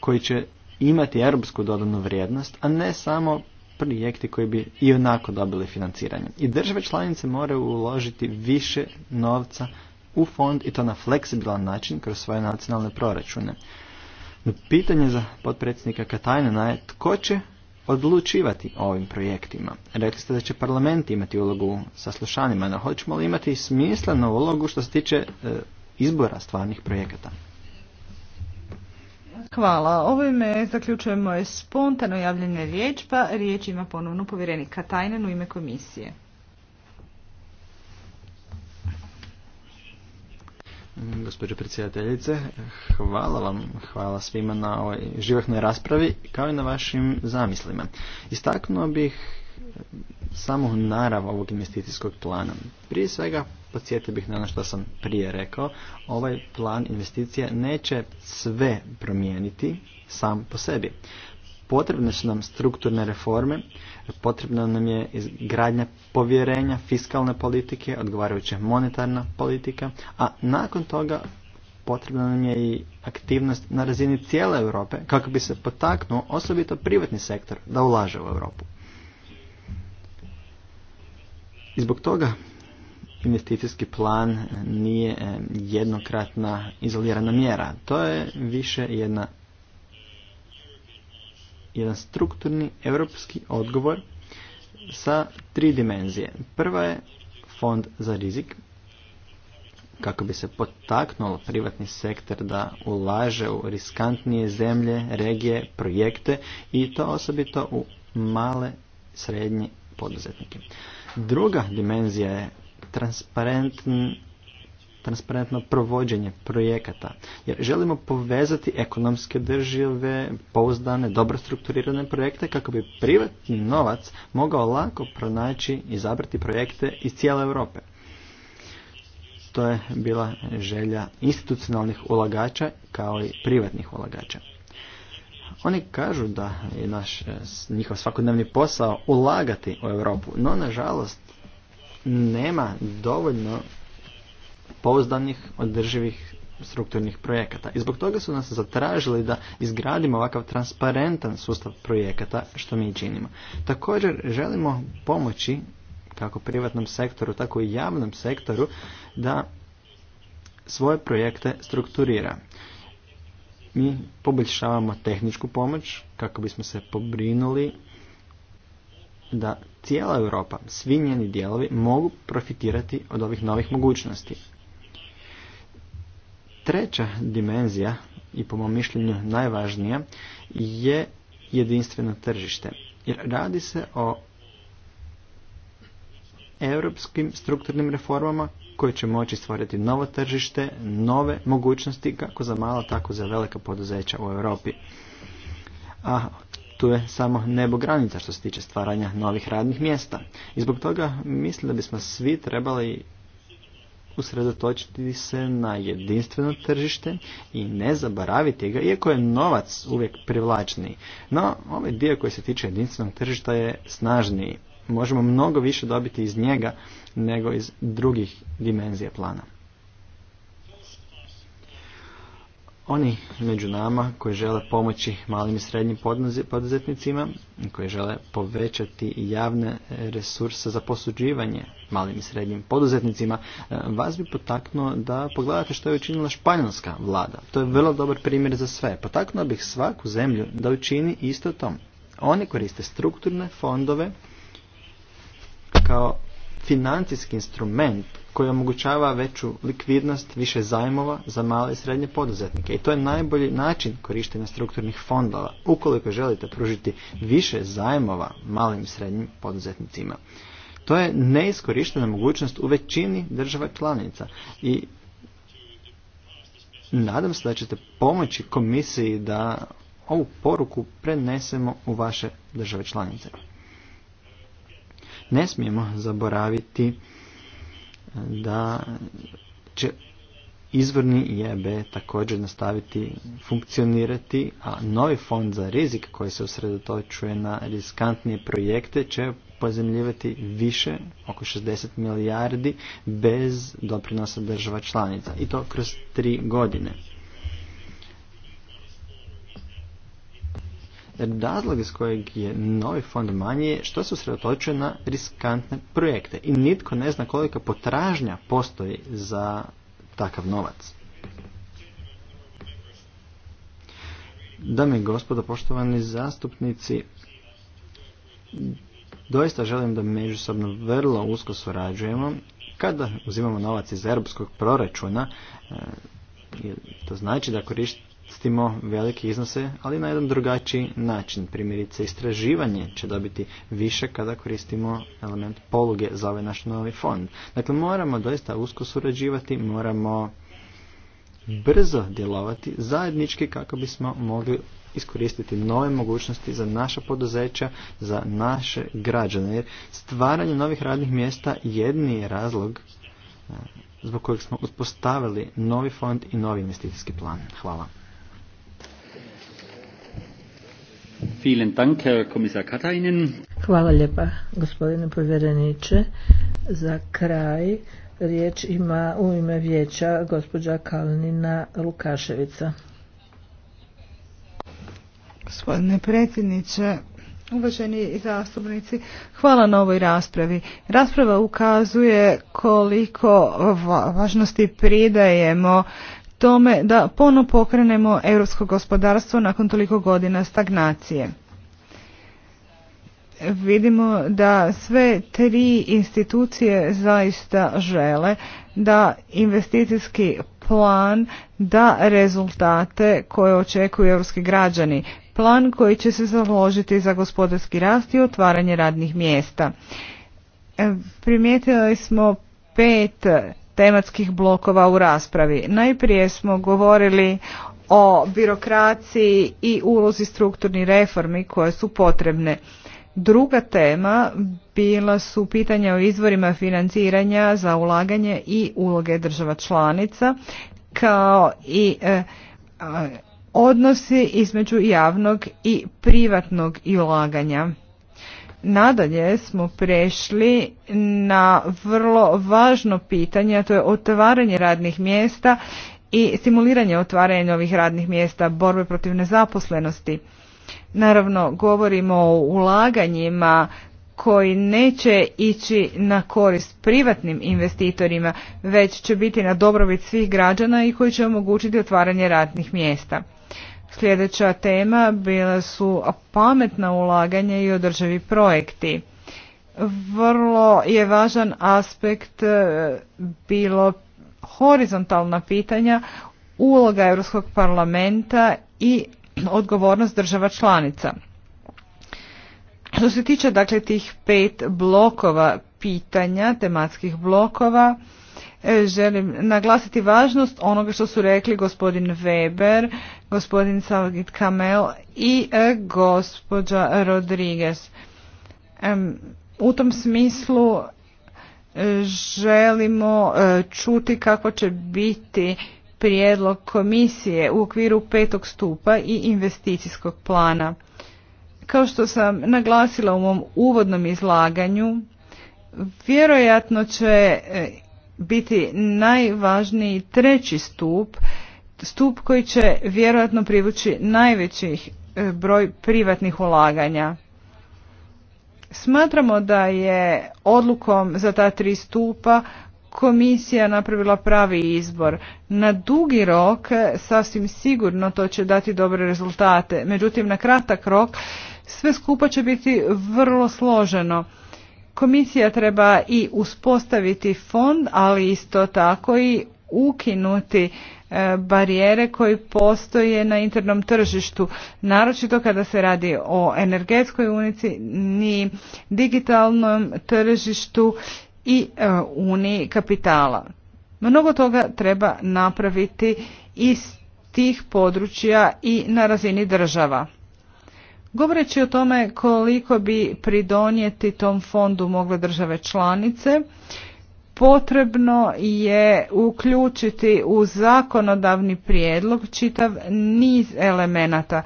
koji će imati europsku dodanu vrijednost, a ne samo projekti koji bi i onako dobili financiranje. I države članice moraju uložiti više novca u fond i to na fleksibilan način kroz svoje nacionalne proračune. Pitanje za potpredsjednika Katajnena je tko će odlučivati o ovim projektima. Rekli ste da će parlament imati ulogu sa slušanima, no hoćemo li imati smislenu ulogu što se tiče e, izbora stvarnih projekata? Hvala. Ovime zaključujemo spontano javljanje riječ, pa riječ ima ponovno povjerenika tajnenu u ime komisije. Gospođo predsjedateljice, hvala vam, hvala svima na ovoj živahnoj raspravi, kao i na vašim zamislima. Istaknuo bih samo narav ovog investicijskog plana. Prije svega, podsjetio bih na ono što sam prije rekao, ovaj plan investicija neće sve promijeniti sam po sebi. Potrebne su nam strukturne reforme, potrebna nam je izgradnja povjerenja, fiskalne politike, odgovarajuća monetarna politika, a nakon toga potrebna nam je i aktivnost na razini cijele Europe kako bi se potaknuo osobito privatni sektor da ulaže u Europu. I zbog toga investicijski plan nije eh, jednokratna izolirana mjera. To je više jedna jedan strukturni europski odgovor sa tri dimenzije. Prva je fond za rizik, kako bi se potaknulo privatni sektor da ulaže u riskantnije zemlje, regije, projekte i to osobito u male, srednje poduzetnike. Druga dimenzija je transparentni transparentno provođenje projekata. Jer želimo povezati ekonomske države, pouzdane, dobro strukturirane projekte kako bi privatni novac mogao lako pronaći i zabrati projekte iz cijele Europe. To je bila želja institucionalnih ulagača kao i privatnih ulagača. Oni kažu da je naš, njihov svakodnevni posao ulagati u Europu, no nažalost nema dovoljno pouzdanih, održivih strukturnih projekata. I zbog toga su nas zatražili da izgradimo ovakav transparentan sustav projekata što mi činimo. Također želimo pomoći kako privatnom sektoru, tako i javnom sektoru da svoje projekte strukturira. Mi poboljšavamo tehničku pomoć kako bismo se pobrinuli da cijela Europa, svi njeni dijelovi mogu profitirati od ovih novih mogućnosti. Treća dimenzija i po mom mišljenju najvažnija je jedinstveno tržište. Jer radi se o europskim strukturnim reformama koje će moći stvoriti novo tržište, nove mogućnosti kako za mala tako za velika poduzeća u Europi. A tu je samo nebo granica što se tiče stvaranja novih radnih mjesta. I zbog toga mislim da bismo svi trebali usredotočiti se na jedinstveno tržište i ne zaboraviti ga, iako je novac uvijek privlačniji. No, ovaj dio koji se tiče jedinstvenog tržišta je snažniji. Možemo mnogo više dobiti iz njega nego iz drugih dimenzija plana. Oni među nama koji žele pomoći malim i srednjim poduzetnicima, koji žele povećati javne resurse za posuđivanje malim i srednjim poduzetnicima, e, vas bi potaknuo da pogledate što je učinila španjolska vlada. To je vrlo dobar primjer za sve. Potaknuo bih svaku zemlju da učini isto to. Oni koriste strukturne fondove kao financijski instrument koji omogućava veću likvidnost, više zajmova za male i srednje poduzetnike. I to je najbolji način korištenja strukturnih fondova, ukoliko želite pružiti više zajmova malim i srednjim poduzetnicima. To je neiskorištena mogućnost u većini država članica i nadam se da ćete pomoći komisiji da ovu poruku prenesemo u vaše države članice. Ne smijemo zaboraviti da će izvorni IEB također nastaviti funkcionirati, a novi fond za rizik koji se usredotočuje na riskantnije projekte će pozemljivati više, oko 60 milijardi, bez doprinosa država članica. I to kroz tri godine. razlog iz kojeg je novi fond manji je što se usredotočuje na riskantne projekte i nitko ne zna kolika potražnja postoji za takav novac. Dame i gospodo, poštovani zastupnici, doista želim da međusobno vrlo usko surađujemo. Kada uzimamo novac iz europskog proračuna, e, to znači da koristimo koristimo velike iznose, ali na jedan drugačiji način. Primjerice, istraživanje će dobiti više kada koristimo element poluge za ovaj naš novi fond. Dakle, moramo doista usko surađivati, moramo brzo djelovati zajednički kako bismo mogli iskoristiti nove mogućnosti za naša poduzeća, za naše građane. Jer stvaranje novih radnih mjesta jedni je razlog e, zbog kojeg smo uspostavili novi fond i novi investicijski plan. Hvala. Hvala lijepa gospodine povjereniče. Za kraj riječ ima u ime vijeća gospođa Kalnina Lukaševica. Gospodine predsjedniče, Uvaženi zastupnici, hvala na ovoj raspravi. Rasprava ukazuje koliko važnosti pridajemo tome da pono pokrenemo europsko gospodarstvo nakon toliko godina stagnacije. Vidimo da sve tri institucije zaista žele da investicijski plan da rezultate koje očekuju europski građani, plan koji će se založiti za gospodarski rast i otvaranje radnih mjesta. Primijetili smo pet tematskih blokova u raspravi. Najprije smo govorili o birokraciji i ulozi strukturnih reformi koje su potrebne. Druga tema bila su pitanja o izvorima financiranja za ulaganje i uloge država članica kao i e, odnosi između javnog i privatnog ulaganja. Nadalje smo prešli na vrlo važno pitanje, a to je otvaranje radnih mjesta i stimuliranje otvaranja ovih radnih mjesta, borbe protiv nezaposlenosti. Naravno, govorimo o ulaganjima koji neće ići na korist privatnim investitorima, već će biti na dobrobit svih građana i koji će omogućiti otvaranje radnih mjesta. Sljedeća tema bila su pametna ulaganja i održivi projekti. Vrlo je važan aspekt e, bilo horizontalna pitanja, uloga Europskog parlamenta i odgovornost država članica. Što se tiče dakle tih pet blokova pitanja, tematskih blokova, E, želim naglasiti važnost onoga što su rekli gospodin Weber, gospodin Salgit Kamel i e, gospođa Rodriguez. U tom smislu e, želimo čuti kako će biti prijedlog komisije u okviru petog stupa i investicijskog plana. Kao što sam naglasila u mom uvodnom izlaganju, vjerojatno će biti najvažniji treći stup, stup koji će vjerojatno privući najveći eh, broj privatnih ulaganja. Smatramo da je odlukom za ta tri stupa komisija napravila pravi izbor. Na dugi rok eh, sasvim sigurno to će dati dobre rezultate, međutim na kratak rok sve skupa će biti vrlo složeno Komisija treba i uspostaviti fond, ali isto tako i ukinuti e, barijere koji postoje na internom tržištu, naročito kada se radi o energetskoj unici, ni digitalnom tržištu i e, uniji kapitala. Mnogo toga treba napraviti iz tih područja i na razini država. Govoreći o tome koliko bi pridonijeti tom fondu mogle države članice, potrebno je uključiti u zakonodavni prijedlog čitav niz elemenata.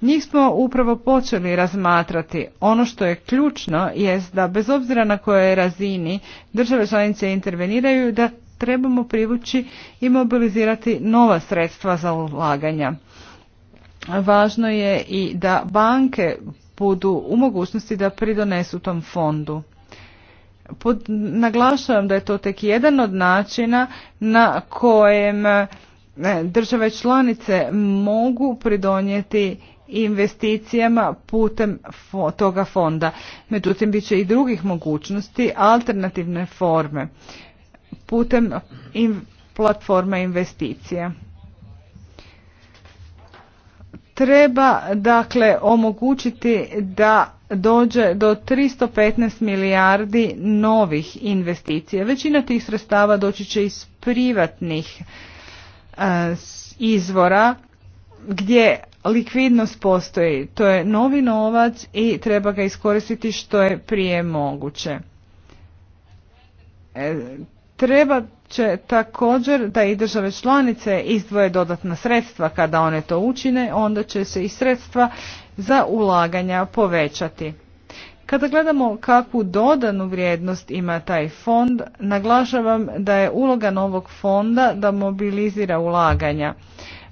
Njih smo upravo počeli razmatrati. Ono što je ključno jest da bez obzira na kojoj razini države članice interveniraju da trebamo privući i mobilizirati nova sredstva za ulaganja važno je i da banke budu u mogućnosti da pridonesu tom fondu. Pod, naglašavam da je to tek jedan od načina na kojem e, države članice mogu pridonijeti investicijama putem toga fonda. Međutim, bit će i drugih mogućnosti, alternativne forme putem in, platforme investicija. Treba dakle omogućiti da dođe do 315 milijardi novih investicija. Većina tih sredstava doći će iz privatnih e, izvora gdje likvidnost postoji. To je novi novac i treba ga iskoristiti što je prije moguće. E, Treba će također da i države članice izdvoje dodatna sredstva. Kada one to učine, onda će se i sredstva za ulaganja povećati. Kada gledamo kakvu dodanu vrijednost ima taj fond, naglašavam da je uloga novog fonda da mobilizira ulaganja.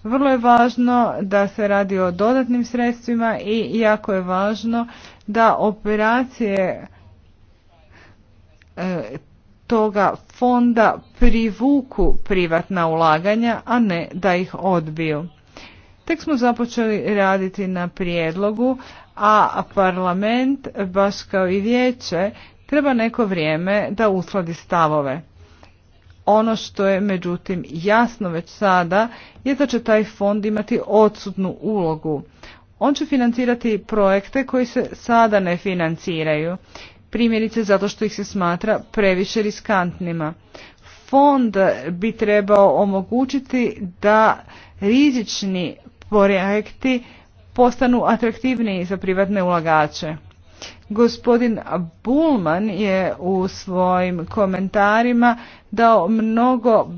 Vrlo je važno da se radi o dodatnim sredstvima i jako je važno da operacije e, toga fonda privuku privatna ulaganja, a ne da ih odbiju. Tek smo započeli raditi na prijedlogu, a parlament, baš kao i vijeće, treba neko vrijeme da usladi stavove. Ono što je međutim jasno već sada je da će taj fond imati odsudnu ulogu. On će financirati projekte koji se sada ne financiraju primjerice zato što ih se smatra previše riskantnima. Fond bi trebao omogućiti da rizični projekti postanu atraktivniji za privatne ulagače. Gospodin Bulman je u svojim komentarima dao mnogo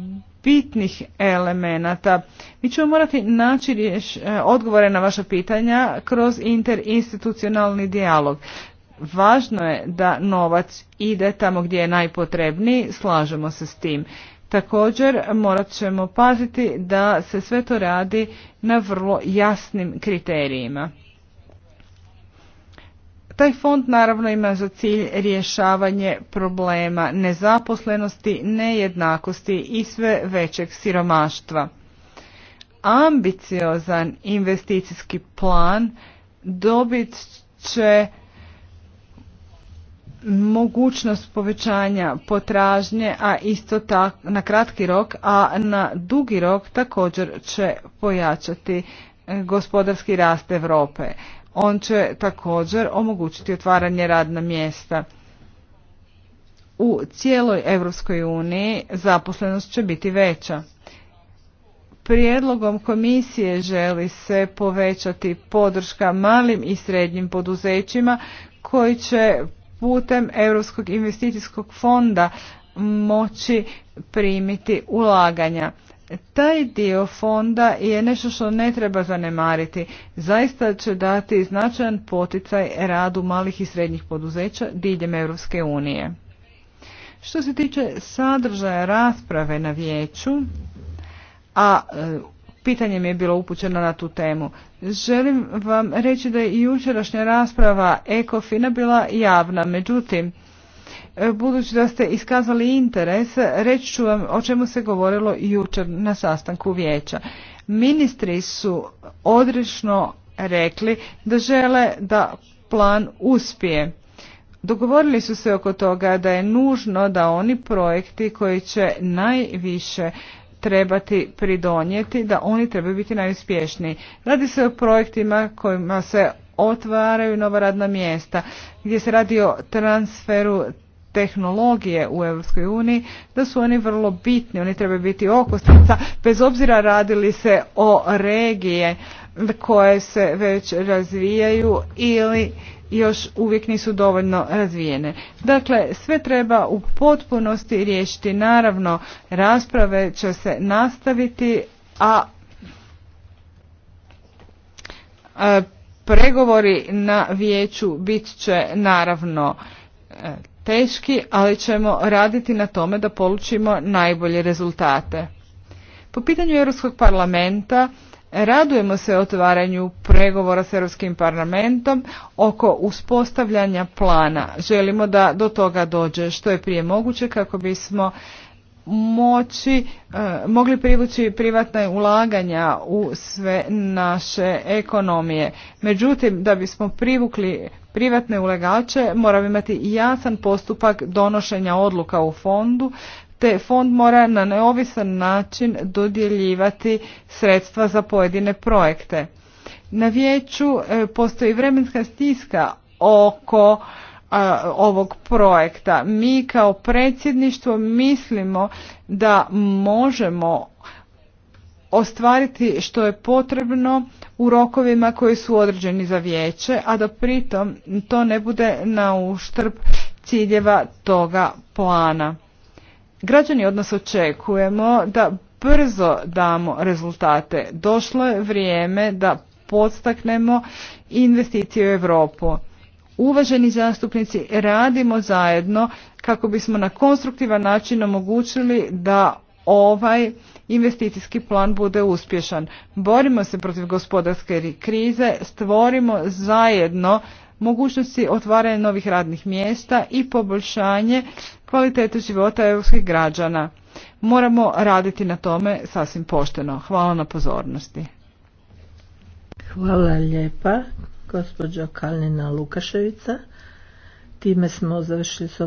bitnih elemenata. Mi ćemo morati naći odgovore na vaša pitanja kroz interinstitucionalni dijalog. Važno je da novac ide tamo gdje je najpotrebniji, slažemo se s tim. Također morat ćemo paziti da se sve to radi na vrlo jasnim kriterijima. Taj fond naravno ima za cilj rješavanje problema nezaposlenosti, nejednakosti i sve većeg siromaštva. Ambiciozan investicijski plan dobit će mogućnost povećanja potražnje, a isto tako na kratki rok, a na dugi rok također će pojačati e, gospodarski rast Europe. On će također omogućiti otvaranje radna mjesta. U cijeloj Europskoj uniji zaposlenost će biti veća. Prijedlogom komisije želi se povećati podrška malim i srednjim poduzećima koji će putem Europskog investicijskog fonda moći primiti ulaganja. Taj dio fonda je nešto što ne treba zanemariti. Zaista će dati značajan poticaj radu malih i srednjih poduzeća diljem Europske unije. Što se tiče sadržaja rasprave na vijeću, a Pitanje mi je bilo upućeno na tu temu. Želim vam reći da je i jučerašnja rasprava Ekofina bila javna, međutim, budući da ste iskazali interes, reći ću vam o čemu se govorilo jučer na sastanku vijeća. Ministri su odrično rekli da žele da plan uspije. Dogovorili su se oko toga da je nužno da oni projekti koji će najviše trebati pridonijeti, da oni trebaju biti najuspješniji. Radi se o projektima kojima se otvaraju nova radna mjesta, gdje se radi o transferu tehnologije u Europskoj uniji, da su oni vrlo bitni, oni trebaju biti okosnica, bez obzira radili se o regije koje se već razvijaju ili još uvijek nisu dovoljno razvijene. Dakle, sve treba u potpunosti riješiti. Naravno, rasprave će se nastaviti, a pregovori na vijeću bit će naravno e, teški, ali ćemo raditi na tome da polučimo najbolje rezultate. Po pitanju Europskog parlamenta radujemo se otvaranju pregovora s Europskim parlamentom oko uspostavljanja plana. Želimo da do toga dođe što je prije moguće kako bismo moći, e, mogli privući privatna ulaganja u sve naše ekonomije. Međutim, da bismo privukli privatne ulegače moraju imati jasan postupak donošenja odluka u fondu, te fond mora na neovisan način dodjeljivati sredstva za pojedine projekte. Na vijeću e, postoji vremenska stiska oko e, ovog projekta. Mi kao predsjedništvo mislimo da možemo ostvariti što je potrebno u rokovima koji su određeni za vijeće, a da pritom to ne bude na uštrb ciljeva toga plana. Građani od nas očekujemo da brzo damo rezultate. Došlo je vrijeme da podstaknemo investicije u Europu. Uvaženi zastupnici, radimo zajedno kako bismo na konstruktivan način omogućili da ovaj investicijski plan bude uspješan. Borimo se protiv gospodarske krize, stvorimo zajedno mogućnosti otvaranja novih radnih mjesta i poboljšanje kvalitete života europskih građana. Moramo raditi na tome sasvim pošteno. Hvala na pozornosti. Hvala lijepa, gospođo Kalnina Lukaševica. Time smo završili s